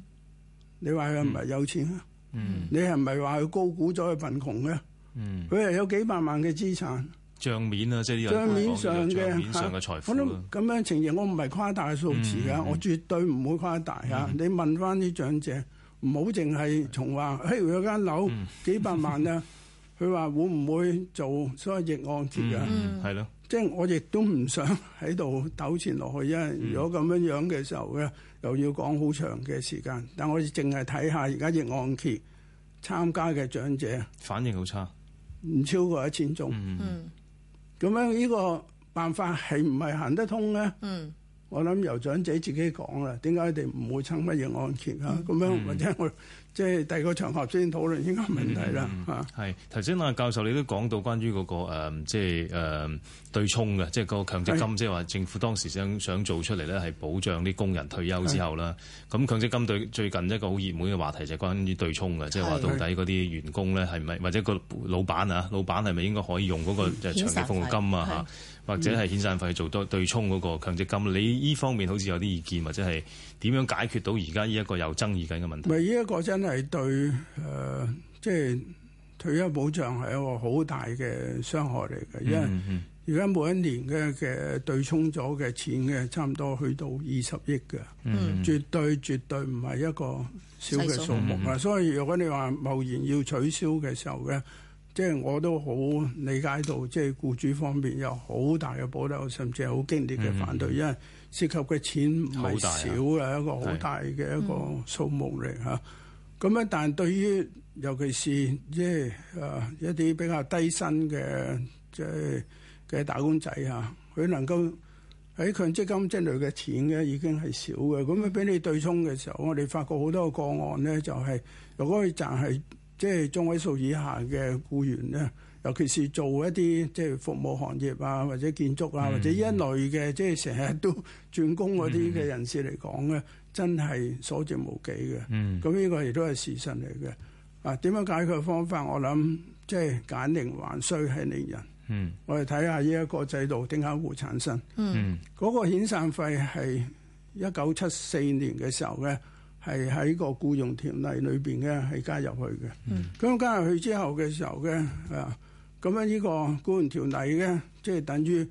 你話佢唔係有錢啊？嗯，你係唔係話佢高估咗佢貧窮嘅？嗯，佢係有幾百萬嘅資產。帳面啊，即係啲有。帳面上嘅，帳面上嘅財富。咁樣情形，我唔係誇大數字嘅，我絕對唔會誇大吓。你問翻啲長者，唔好淨係從話嘿有間樓幾百萬啊，佢話會唔會做所謂逆按揭啊？係咯。即係我亦都唔想喺度糾纏落去，因為如果咁樣樣嘅時候咧，嗯、又要講好長嘅時間。但我淨係睇下而家嘅按揭參加嘅長者反應好差，唔超過一千宗。咁、嗯、樣呢個辦法係唔係行得通咧？嗯、我諗由長者自己講啦，點解佢哋唔會趁乜嘢按揭啊？咁、嗯、樣、嗯、或者我。即係第二個場合先討論呢個問題啦嚇。係頭先阿教授你都講到關於嗰、那個即係誒對沖嘅，即係、呃、個強積金，是即係話政府當時想想做出嚟咧係保障啲工人退休之後啦。咁是強積金對最近一個好熱門嘅話題就係關於對沖嘅，即係話到底嗰啲員工咧係咪或者個老闆啊，老闆係咪應該可以用嗰個即係長期服務金啊嚇？或者係遣散費做多對沖嗰、那個強積金，你依方面好似有啲意見，或者係點樣解決到而家依一個有爭議緊嘅問題？唔係依一個真係對誒，即係退休保障係一個好大嘅傷害嚟嘅，因為而家每一年嘅嘅對沖咗嘅錢嘅差唔多去到二十億嘅，絕對絕對唔係一個小嘅數目啊！數所以如果你話貿然要取消嘅時候嘅。即係我都好理解到，即係僱主方面有好大嘅保留，甚至係好激烈嘅反對，嗯、因為涉及嘅錢唔係少嘅，啊、一個好大嘅一個數目嚟吓，咁樣是。嗯、但係對於尤其是即係啊一啲比較低薪嘅即係嘅打工仔嚇，佢能夠喺強積金積累嘅錢咧已經係少嘅。咁樣俾你對沖嘅時候，我哋發覺好多個案咧就係、是、如果佢賺係。即係中位數以下嘅雇員咧，尤其是做一啲即係服務行業啊，或者建築啊，嗯、或者呢一類嘅，即係成日都轉工嗰啲嘅人士嚟講咧，嗯、真係所剩無幾嘅。咁呢、嗯、個亦都係事實嚟嘅。啊，點樣解決方法？我諗即係解鈴還須繫鈴人。嗯、我哋睇下呢一個制度點解會產生。嗰、嗯嗯、個遣散費係一九七四年嘅時候咧。係喺、嗯啊、個僱用條例裏邊咧係加入去嘅，咁加入去之後嘅時候嘅啊，咁樣呢個僱用條例咧，即係等於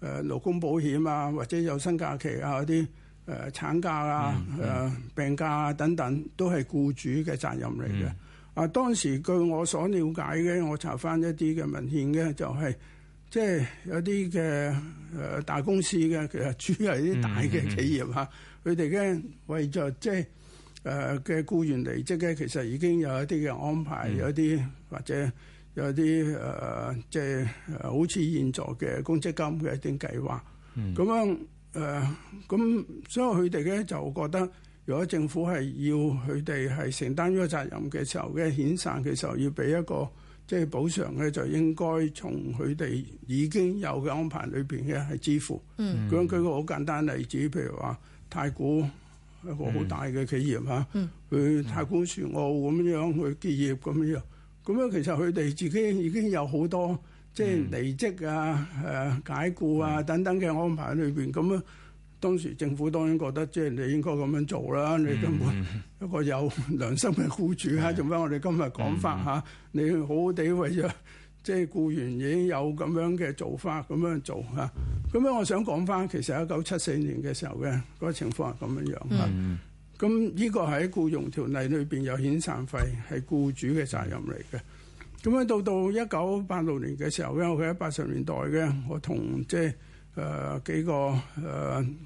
誒勞工保險啊，或者有薪假期啊啲誒產假啊誒、嗯嗯啊、病假啊等等，都係僱主嘅責任嚟嘅。嗯、啊，當時據我所了解嘅，我查翻一啲嘅文獻咧、就是，就係即係有啲嘅誒大公司嘅，其實主要係啲大嘅企業嚇，佢哋咧為咗即係。誒嘅僱員離職嘅其實已經有一啲嘅安排，嗯、有一啲或者有一啲誒、呃、即係誒好似現在嘅公積金嘅一啲計劃，咁樣誒咁，所以佢哋咧就覺得，如果政府係要佢哋係承擔呢個責任嘅時候嘅遣散嘅時候要俾一個即係補償咧，就應該從佢哋已經有嘅安排裏邊嘅係支付。咁舉、嗯、個好簡單例子，譬如話太古。一個好大嘅企業嚇，佢太古船塢咁樣去結業咁樣，咁樣、嗯、其實佢哋自己已經有好多即係、就是、離職啊、誒解雇啊等等嘅安排裏邊，咁啊當時政府當然覺得即係、就是、你應該咁樣做啦，你根本一個有良心嘅僱主啊，仲乜、嗯、我哋今日講法嚇、嗯啊，你好好地為咗。即係雇員已經有咁樣嘅做法，咁樣做嚇。咁、啊、樣我想講翻，其實一九七四年嘅時候嘅嗰、那個情況係咁樣樣嚇。咁呢、嗯啊這個喺僱傭條例裏邊有遣散費，係雇主嘅責任嚟嘅。咁、啊、樣到到一九八六年嘅時候咧，我喺八十年代嘅我同即係誒幾個誒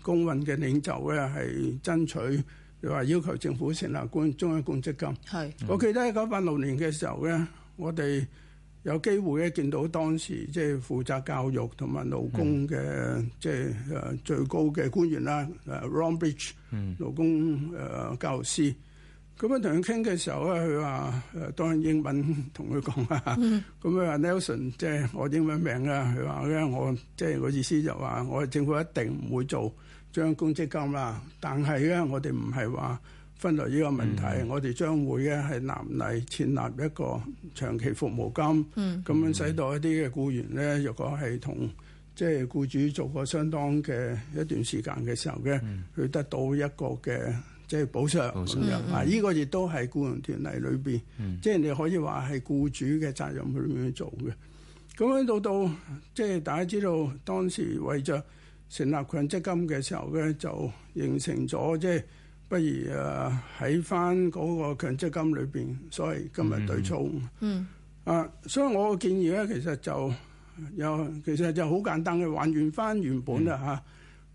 公、呃、運嘅領袖咧係爭取，你話要求政府成立公中央公積金。係。嗯、我記得一九八六年嘅時候咧，我哋。有機會咧見到當時即係負責教育同埋勞工嘅即係誒最高嘅官員啦，誒 Ron Bridge 勞工誒教育師。咁樣同佢傾嘅時候咧，佢話誒，當然英文同佢講啦。咁樣話 Nelson，即係我英文名啊？佢話咧，就是、我即係我意思就話，我政府一定唔會做將公積金啦，但係咧，我哋唔係話。分類呢個問題，嗯、我哋將會咧係南泥設立一個長期服務金，咁、嗯、樣使到一啲嘅僱員咧，若、嗯、果係同即係僱主做過相當嘅一段時間嘅時候咧，嗯、去得到一個嘅即係補償咁助樣。啊、嗯，呢個亦都係僱員團體裏邊，即係、嗯、你可以話係僱主嘅責任去咁樣做嘅。咁樣到到即係大家知道，當時為咗成立強積金嘅時候咧，就形成咗即係。就是就是不如誒喺翻嗰個強積金裏邊，所以今日對沖。嗯、mm hmm. 啊，所以我嘅建議咧，其實就有，其實就好簡單嘅還原翻原本啦嚇、mm hmm. 啊。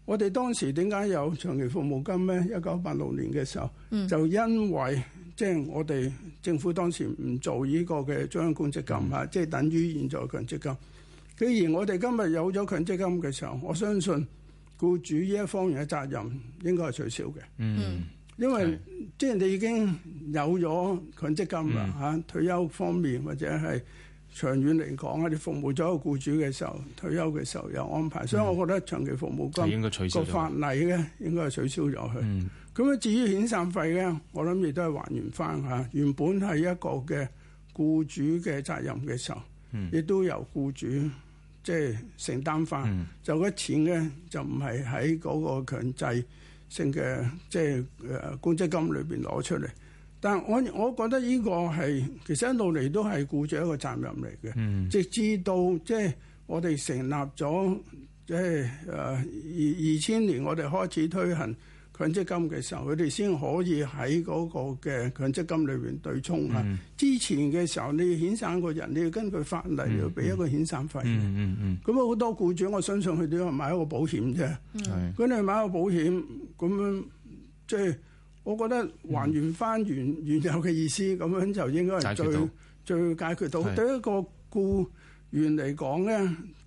我哋當時點解有長期服務金咧？一九八六年嘅時候，mm hmm. 就因為即係、就是、我哋政府當時唔做呢個嘅中央公積金嚇，即係、mm hmm. 啊就是、等於現在強積金。既然我哋今日有咗強積金嘅時候，我相信。僱主呢一方面嘅責任應該係取消嘅，嗯、因為即係你已經有咗強積金啦嚇，嗯、退休方面或者係長遠嚟講，你服務咗個僱主嘅時候，退休嘅時候有安排，嗯、所以我覺得長期服務金個法例咧應該係取消咗佢。咁啊至於遣散費咧，我諗亦都係還原翻嚇，原本係一個嘅僱主嘅責任嘅時候，亦都由僱主。即係承擔翻，就嗰錢咧就唔係喺嗰個強制性嘅即係誒公積金裏邊攞出嚟。但係我我覺得呢個係其實一路嚟都係顧住一個責任嚟嘅，嗯、直至到即係、就是、我哋成立咗即係誒二二千年我哋開始推行。強積金嘅時候，佢哋先可以喺嗰個嘅強積金裏邊對沖啊！嗯、之前嘅時候，你要遣散個人，你要根據法例要俾、嗯嗯、一個遣散費。嗯嗯嗯。咁、嗯、啊，好、嗯、多僱主我相信佢哋買一個保險啫。係、嗯。咁你買一個保險，咁即係我覺得還原翻原原有嘅意思，咁、嗯、樣就應該係最解最解決到對是一個僱員嚟講咧，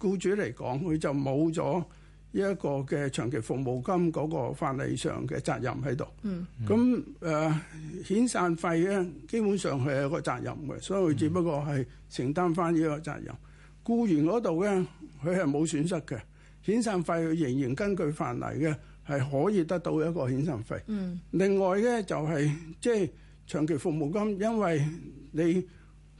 僱主嚟講，佢就冇咗。呢一個嘅長期服務金嗰個法例上嘅責任喺度，咁誒、嗯呃、遣散費咧，基本上係有個責任嘅，所以佢只不過係承擔翻呢個責任。僱員嗰度咧，佢係冇損失嘅遣散費，仍然根據法例嘅係可以得到一個遣散費。嗯、另外咧就係、是、即係長期服務金，因為你。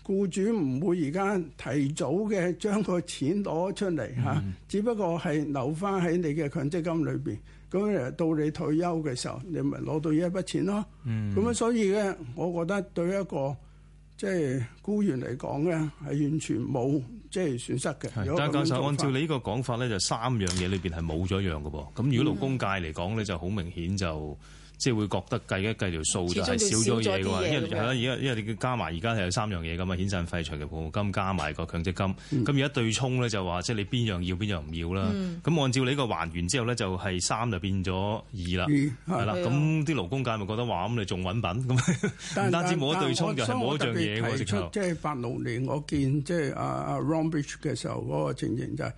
僱主唔會而家提早嘅將個錢攞出嚟嚇，嗯、只不過係留返喺你嘅強積金裏邊。咁誒到你退休嘅時候，你咪攞到呢一筆錢咯。咁啊、嗯，所以咧，我覺得對一個即係僱員嚟講咧，係完全冇即係損失嘅。但係是教授，按照你呢個講法咧，就是、三樣嘢裏邊係冇咗一樣嘅噃。咁如果勞工界嚟講咧，就好明顯就。即係會覺得計一計條數就係少咗嘢嘅話，因為係咯，因為因為你加埋而家係有三樣嘢嘅嘛，遣散費、長期服務金加埋個強積金。咁而家對沖咧就話，即係你邊樣要邊樣唔要啦。咁、嗯、按照你個還原之後咧，就係三就變咗二啦，係啦。咁啲了的勞工界咪覺得話咁你仲揾品笨咁？唔但 單止冇咗對沖，就係冇一樣嘢喎。即係八六年我見即係阿、uh, r o n b a c h 嘅時候嗰個情形就係。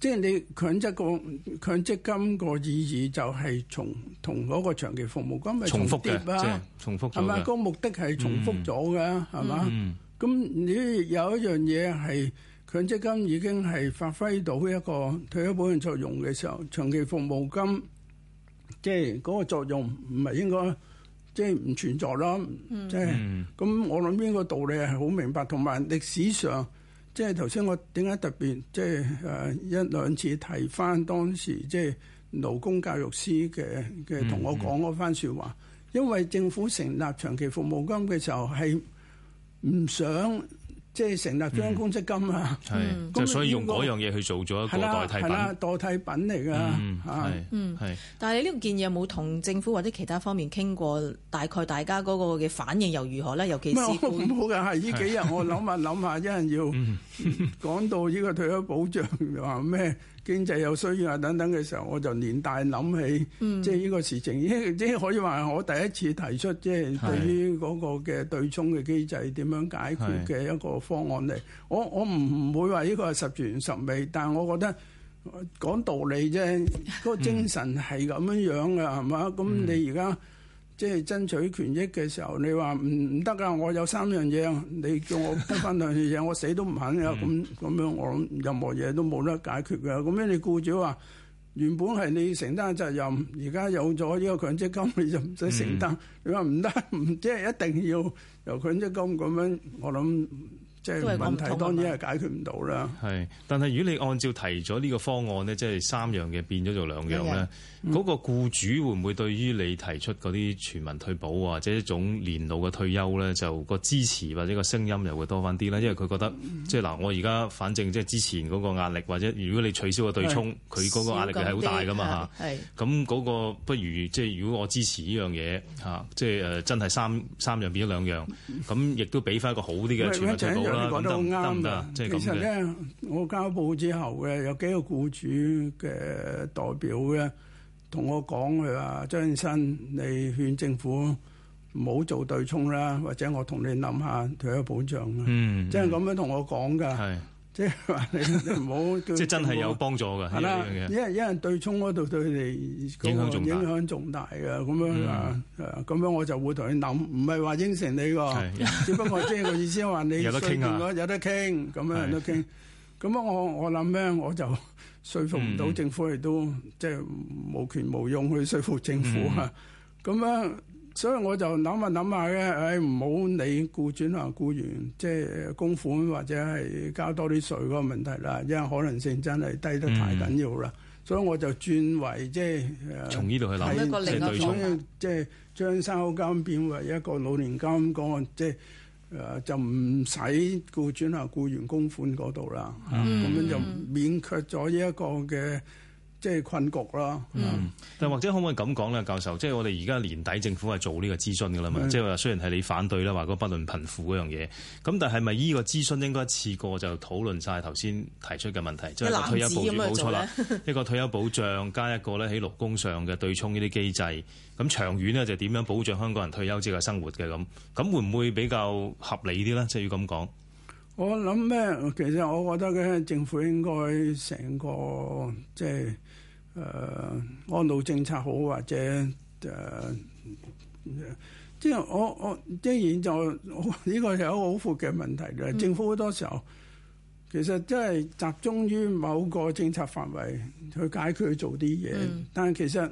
即係你強積個強積金個意義就係從同嗰個長期服務金咪重複嘅，即係重複咗嘛、啊嗰個目的係重複咗嘅，係嘛？咁你有一樣嘢係強積金已經係發揮到一個退休保障作用嘅時候，長期服務金即係嗰個作用唔係應該即係唔存在啦。即係咁，就是嗯、我諗邊個道理係好明白，同埋歷史上。即係頭先，我點解特別即係誒一兩次提翻當時即係勞工教育師嘅，嘅同我講嗰番説話，嗯、因為政府成立長期服務金嘅時候係唔想。即係成立張公積金啊！就、嗯嗯、所以用嗰樣嘢去做咗一個代替品。代替品嚟㗎。嗯，的嗯，係的。但係你呢個建議有冇同政府或者其他方面傾過？大概大家嗰個嘅反應又如何咧？尤其是政府嘅係呢幾日，我諗下諗下，真係 要講到呢個退休保障又話咩？經濟有需要啊等等嘅時候，我就連帶諗起，嗯、即係呢個事情，即係可以話係我第一次提出，即係對於嗰個嘅對沖嘅機制點樣解決嘅一個方案嚟。我我唔會話呢個係十全十美，但係我覺得講道理啫，嗰、嗰個精神係咁樣樣嘅，係嘛、嗯？咁你而家。即係爭取權益嘅時候，你話唔唔得啊！我有三樣嘢，你叫我得返兩樣嘢， 我死都唔肯啊！咁咁樣我諗任何嘢都冇得解決㗎。咁樣你僱主話原本係你承擔責任，而家有咗呢個強積金，你就唔使承擔。 你話唔得，唔即係一定要由強積金咁樣，我諗。即係問題當然係解決唔到啦。係，但係如果你按照提咗呢個方案咧，即係三樣嘅變咗做兩樣呢，嗰、嗯、個僱主會唔會對於你提出嗰啲全民退保啊，或者一種年老嘅退休呢，就個支持或者個聲音又會多返啲呢？因為佢覺得即係嗱，我而家反正即係之前嗰個壓力，或者如果你取消個對沖，佢嗰是個壓力係好大㗎嘛吓。咁嗰個不如即係、就是、如果我支持呢樣嘢吓，即係是、啊就是呃、真係三三樣變咗兩樣，咁亦、嗯嗯、都畀返一個好啲嘅全民退保。你講得好啱噶，行行就是、其實咧我交報之後咧，有幾個僱主嘅代表咧，同我講啊，周生你勸政府唔好做對沖啦，或者我同你諗下退休保障。」啊，即係咁樣同我講噶。 即係話你唔好叫，即係真係有幫助㗎，係啦 的，因為 因為對沖嗰度對你影響影響重大㗎，咁樣啊，咁樣我就會同你諗，唔係話應承你㗎，只不過即係個意思話你 有得傾、啊、有得傾咁樣都傾。咁啊是，我我諗咧，我就說服唔到政府，亦、嗯、都即係冇權冇用去說服政府啊。咁、嗯、樣。所以我就諗下諗下嘅，誒唔好理僱主同僱員即係供款或者係交多啲稅嗰個問題啦，因為可能性真係低得太緊要啦。嗯、所以我就轉為即係看一個另一所以法，即係將三口金變為一個老年金方案，即係誒、呃、就唔使僱主同僱員供款嗰度啦。咁、嗯、樣就免卻咗呢一個嘅。即係困局啦。嗯，嗯，但或者可唔可以咁講咧，教授？即係我哋而家年底政府係做呢個諮詢噶啦嘛。的即係雖然係你反對啦，話講不論貧富嗰樣嘢。咁但係咪依個諮詢應該一次過就討論晒頭先提出嘅問題？即係退休補助冇錯啦， 一個退休保障加一個咧喺勞工上嘅對沖呢啲機制。咁長遠咧就點樣保障香港人退休之後生活嘅咁？咁會唔會比較合理啲咧？即係要咁講。我諗咩？其實我覺得咧，政府應該成個即係。誒、呃、安老政策好，或者誒、呃，即係我我當然就呢、這個有一個好闊嘅問題咧。嗯、政府好多時候其實，即係集中於某個政策範圍去解決做啲嘢，嗯、但係其實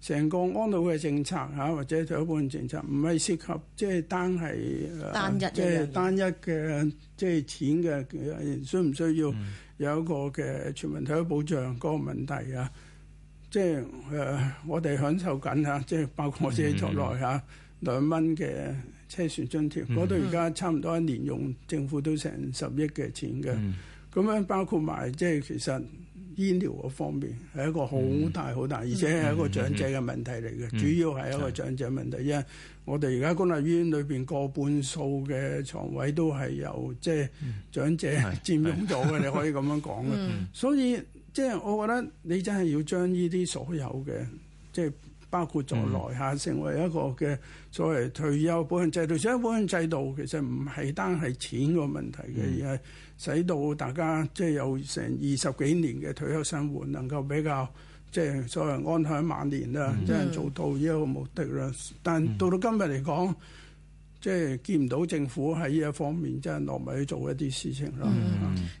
成個安老嘅政策吓，或者就一般政策，唔係涉及即係單係單係誒，即係單，單，單一嘅即係錢嘅需唔需要有一個嘅全民退休保障嗰個問題啊？嗯嗯即係誒、呃，我哋享受緊吓，即係包括我自己在內嚇兩蚊嘅車船津貼，嗰度而家差唔多一年用政府都成十億嘅錢嘅。咁、嗯、樣包括埋即係其實醫療方面係一個好大好大，而且係一個長者嘅問題嚟嘅，嗯、主要係一個長者問題，嗯、因為我哋而家公立醫院裏邊個半數嘅床位都係由即係長者佔用咗嘅，嗯、你可以咁樣講嘅。所以即係我覺得你真係要將呢啲所有嘅，即係包括在內下成為一個嘅所謂退休保險制度。退休保險制度其實唔係單係錢個問題嘅，嗯、而係使到大家即係有成二十幾年嘅退休生活能夠比較即係所謂安享晚年啦，嗯、即係做到呢一個目的啦。但到到今日嚟講，即係見唔到政府喺呢一方面，即係落埋去做一啲事情咯。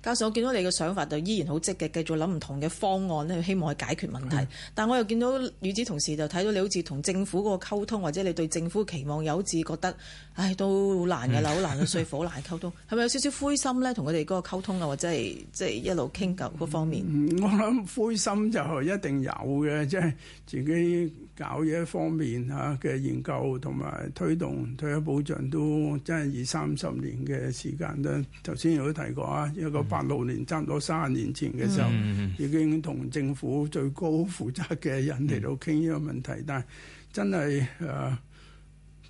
教授、嗯嗯、我見到你嘅想法就依然好積極，繼續諗唔同嘅方案咧，希望去解決問題。嗯、但我又見到與此同時，就睇到你好似同政府嗰個溝通，或者你對政府期望有時，覺得，唉，都好難嘅啦，好難去說服，好難去溝通。係咪、嗯、有少少灰心咧？同佢哋嗰個溝通啊，或者係即係一路傾嚿嗰方面？嗯、我諗灰心就一定有嘅，即係自己。搞嘢方面嚇嘅研究同埋推動退休保障都真係二三十年嘅時間啦。頭先有都提過啊，一九八六年、mm. 差唔多三十年前嘅時候，mm. 已經同政府最高負責嘅人嚟到傾呢個問題，mm. 但係真係誒、呃、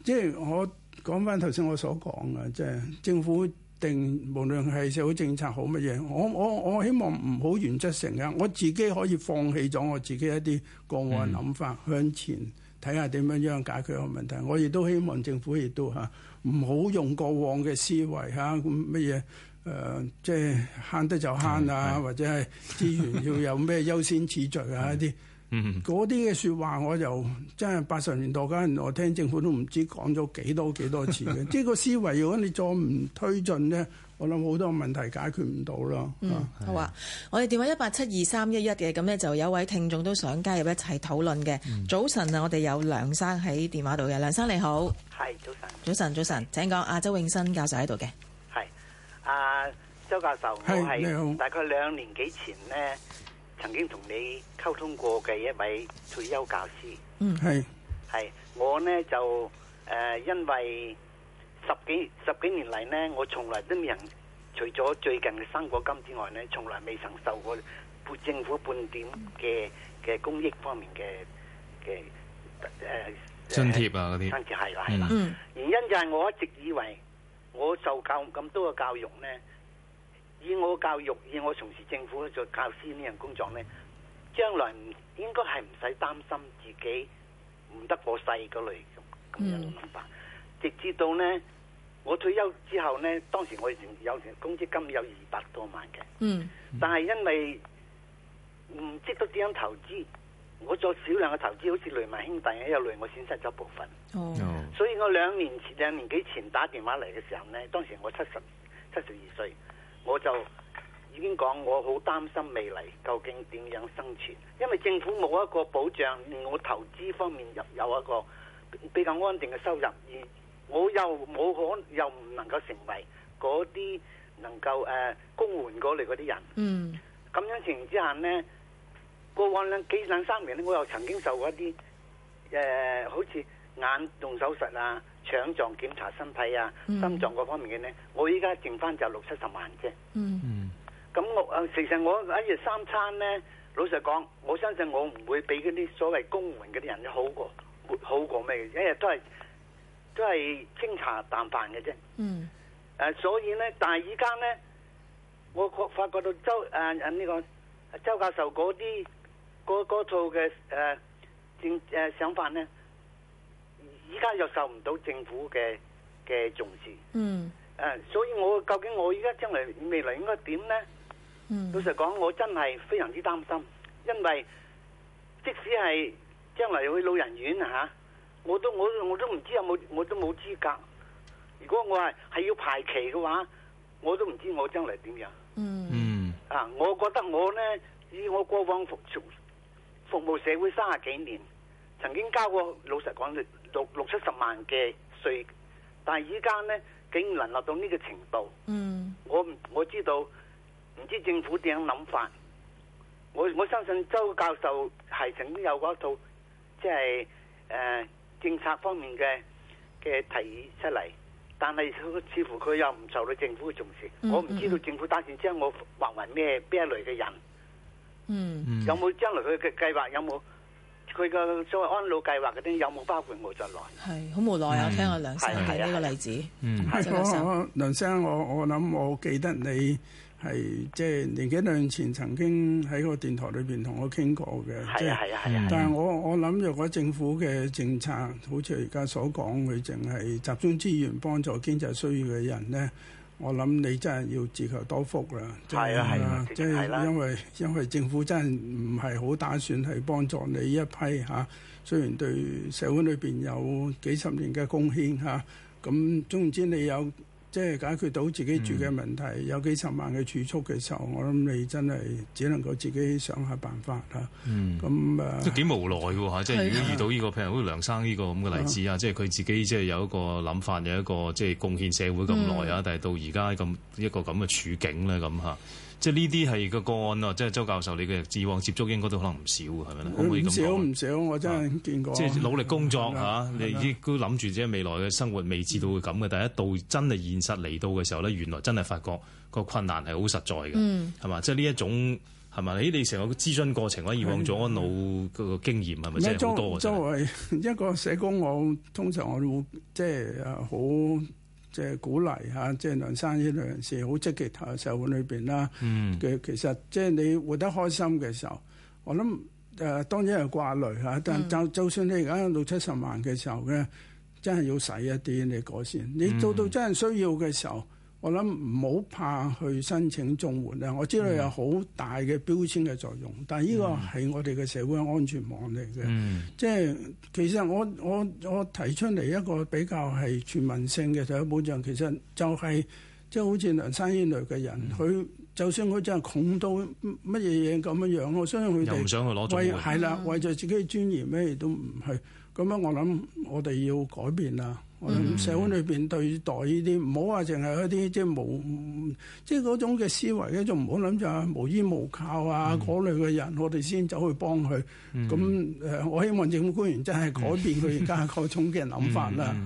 即係我講翻頭先我所講嘅，即係政府。定無論係社會政策好乜嘢，我我我希望唔好原則性啊！我自己可以放棄咗我自己一啲過往諗法，的向前睇下點樣樣解決個問題。我亦都希望政府亦都吓唔好用過往嘅思維吓咁乜嘢誒，即係慳得就慳啊，的或者係資源要有咩優先次序啊 一啲。嗰啲嘅説話，我就真係八十年代嗰陣，我聽政府都唔知講咗幾多幾多次嘅。 即係個思維，如果你再唔推進呢，我諗好多問題解決唔到咯。嗯、是好啊，我哋電話一八七二三一一嘅，咁呢，就有位聽眾都想加入一齊討論嘅、嗯。早晨啊，我哋有梁生喺電話度嘅，梁生你好。係早晨。早晨，早晨。請講，阿周永新教授喺度嘅。係。阿、啊、周教授，我係大概兩年幾前呢。曾經同你溝通過嘅一位退休教師，嗯係，係我咧就誒，因為十幾十幾年嚟咧，我從來都未曾，除咗最近嘅生果金之外咧，從來未曾受過半政府半點嘅嘅公益方面嘅嘅誒津貼啊嗰啲。係啦係啦，原因就係我一直以為我受教咁多嘅教育咧。以我教育，以我從事政府做教師呢樣工作咧，將來應該係唔使擔心自己唔得過世嗰類咁樣嘅諗法。嗯、直至到咧，我退休之後咧，當時我有公積金有二百多萬嘅，嗯、但係因為唔識得點樣投資，我做少量嘅投資，好似雷曼兄弟又雷，我損失咗部分。哦，所以我兩年前兩年幾前打電話嚟嘅時候咧，當時我七十七十二歲。我就已經講，我好擔心未來究竟點樣生存，因為政府冇一個保障，令我投資方面入有一個比較安定嘅收入，而我又冇可又唔能夠成為嗰啲能夠誒供緩過嚟嗰啲人。嗯，咁樣情形之下呢，過往兩幾兩三年咧，我又曾經受過一啲誒、呃，好似眼動手術啊。腸臟檢查身體啊，嗯、心臟嗰方面嘅呢，我依家剩翻就六七十萬啫。嗯，咁我啊，其實我一日三餐呢，老實講，我相信我唔會比嗰啲所謂公務員嗰啲人好過，好過咩嘅，一日都係都係清茶淡飯嘅啫。嗯，誒、呃，所以呢，但係依家呢，我覺發覺到周誒呢、呃這個周教授嗰啲嗰套嘅誒政誒想法呢。依家又受唔到政府嘅嘅重視，嗯，誒，所以我究竟我依家將來未來應該點呢？嗯，mm. 老實講，我真係非常之擔心，因為即使係將來去老人院吓、啊，我都我我都唔知有冇我都冇資格。如果我係係要排期嘅話，我都唔知我將來點樣。嗯，嗯，啊，我覺得我呢，以我過往服服服務社會三十幾年，曾經交過老實講。六六七十萬嘅稅，但係依家咧竟然淪落到呢個程度。嗯，我我知道，唔知政府點樣諗法。我我相信周教授係曾經有過一套，即係誒政策方面嘅嘅提議出嚟，但係似乎佢又唔受到政府嘅重視。嗯、我唔知道政府打算將我劃為咩邊一類嘅人？嗯，嗯有冇將來佢嘅計劃有冇？佢個所謂安老計劃嗰啲有冇包括冇在內？係好無奈啊！嗯、聽阿梁生呢個例子。的嗯，梁生，我我諗我記得你係即係年幾兩前曾經喺個電台裏邊同我傾過嘅。係啊係啊係啊！就是、但係我我諗若果政府嘅政策好似而家所講，佢淨係集中資源幫助經濟需要嘅人咧。我諗你真係要自求多福啦，即係因為、啊、因為政府真係唔係好打算係幫助你一批嚇、啊，雖然對社會裏邊有幾十年嘅貢獻嚇，咁、啊、總之你有。即係解決到自己住嘅問題，嗯、有幾十萬嘅儲蓄嘅時候，我諗你真係只能夠自己想下辦法嚇。嗯。咁啊那。都幾無奈喎嚇！即係的如果遇到呢、呢個譬如好似梁生呢個咁嘅例子啊，的即係佢自己即係有一個諗法，有一個即係貢獻社會咁耐啊，嗯、但係到而家咁一個咁嘅處境咧咁嚇。即係呢啲係個個案咯，即係周教授你嘅以往接觸應該都可能唔少，係咪咧？唔少唔少，我真係見過。即係努力工作吓、啊，你亦都諗住自己未來嘅生活未至到咁嘅，的但係一到真係現實嚟到嘅時候咧，原來真係發覺個困難係好實在嘅，係嘛、嗯？即係呢一種係嘛？你哋成個諮詢過程，的以往做腦個經驗係咪真係好多？作為一個社工，我通常我都即係啊好。就是即係鼓勵嚇，即、就、係、是、梁生呢類人士好積極投入社會裏邊啦。嗯、其實即係你活得開心嘅時候，我諗誒、呃、當然係掛慮嚇，但就就算你而家有六七十萬嘅時候咧，真係要使一啲你改善。你做到真係需要嘅時候。嗯我諗唔好怕去申請綜援咧，我知道有好大嘅標籤嘅作用，但係呢個係我哋嘅社會安全網嚟嘅，嗯、即係其實我我我提出嚟一個比較係全民性嘅社會保障，其實就係、是、即係好似梁生呢類嘅人，佢、嗯、就算佢真係窮到乜嘢嘢咁樣樣，我相信佢哋又唔想去攞綜援，係啦，為咗自己嘅尊嚴咩都唔係。咁樣我諗我哋要改變啦。社會裏邊對待呢啲唔好話淨係一啲即係冇即係嗰種嘅思維咧，就唔好諗住啊無依無靠啊嗰類嘅人，我哋先走去幫佢。咁誒、mm hmm.，我希望政府官員真係改變佢而家係過嘅諗法啦，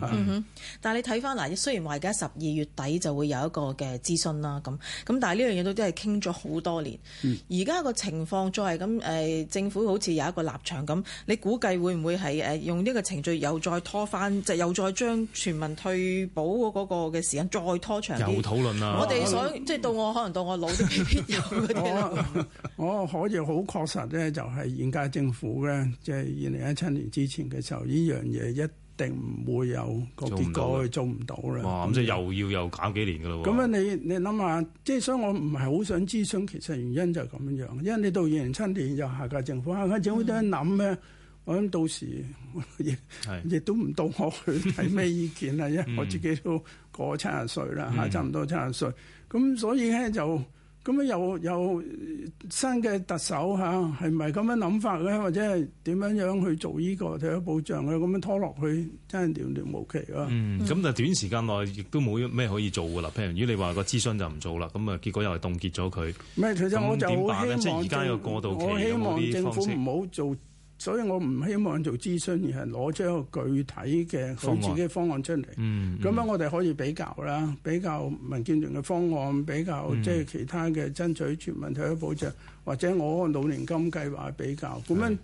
但係你睇翻嗱，雖然話而家十二月底就會有一個嘅諮詢啦，咁咁，但係呢樣嘢都真係傾咗好多年。而家個情況再係咁誒，政府好似有一個立場咁，你估計會唔會係誒用呢個程序又再拖翻，就又再將？全民退保嗰個嘅時間再拖長啲，有討論啊！我哋想即係到我可能到我老都未必有嗰啲 我，我可以好確實咧，就係現屆政府咧，即係二零一七年之前嘅時候，呢樣嘢一定唔會有個結果去做唔到啦。哇！咁即係又要又搞幾年噶咯喎？咁樣你你諗下，即係所以我唔係好想諮詢，其實原因就係咁樣樣，因為你到二零一七年又，嗯、下屆政府，下屆政府都喺度諗咩？我諗到時亦亦都唔到我去睇咩意見啦， 嗯、因為我自己都過七十歲啦，嚇、嗯，差唔多七十歲。咁所以咧就咁樣又又新嘅特首嚇係咪咁樣諗法咧，或者係點樣樣去做呢個退休保障咧？咁樣拖落去真係無了期啊！嗯，咁、嗯、但係短時間內亦都冇咩可以做噶啦。譬如如果你話個諮詢就唔做啦，咁啊結果又係凍結咗佢。咩？其實那 我就好希望即係而家個過渡期政府唔好做。所以我唔希望做諮詢，而係攞出一個具體嘅好自己嘅方案出嚟。咁、嗯嗯、樣我哋可以比較啦，比較民建聯嘅方案，比較即係其他嘅爭取全民退休保障，嗯、或者我個老年金計劃比較。咁是樣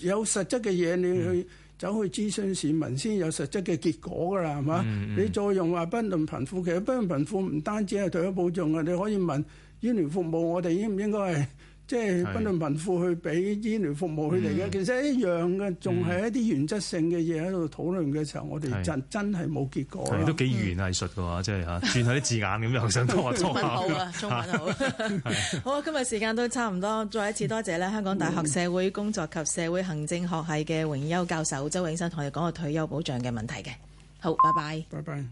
有實質嘅嘢，你去走去諮詢市民先有實質嘅結果㗎啦，係嘛？嗯嗯、你再用話不論貧富，其實不論貧富唔單止係退休保障啊，你可以問醫療服務，我哋應唔應該係？即係不論貧富去俾醫療服務佢哋嘅，嗯、其實一樣嘅，仲係一啲原則性嘅嘢喺度討論嘅時候，我哋就真係冇結果。都幾語言藝術㗎喎，即係嚇轉下啲字眼咁，又想拖下中文 好啊，今日時間都差唔多，再一次多謝咧，香港大學社會工作及社會行政學系嘅榮休教授周永新同我哋講個退休保障嘅問題嘅。好，拜拜。拜拜。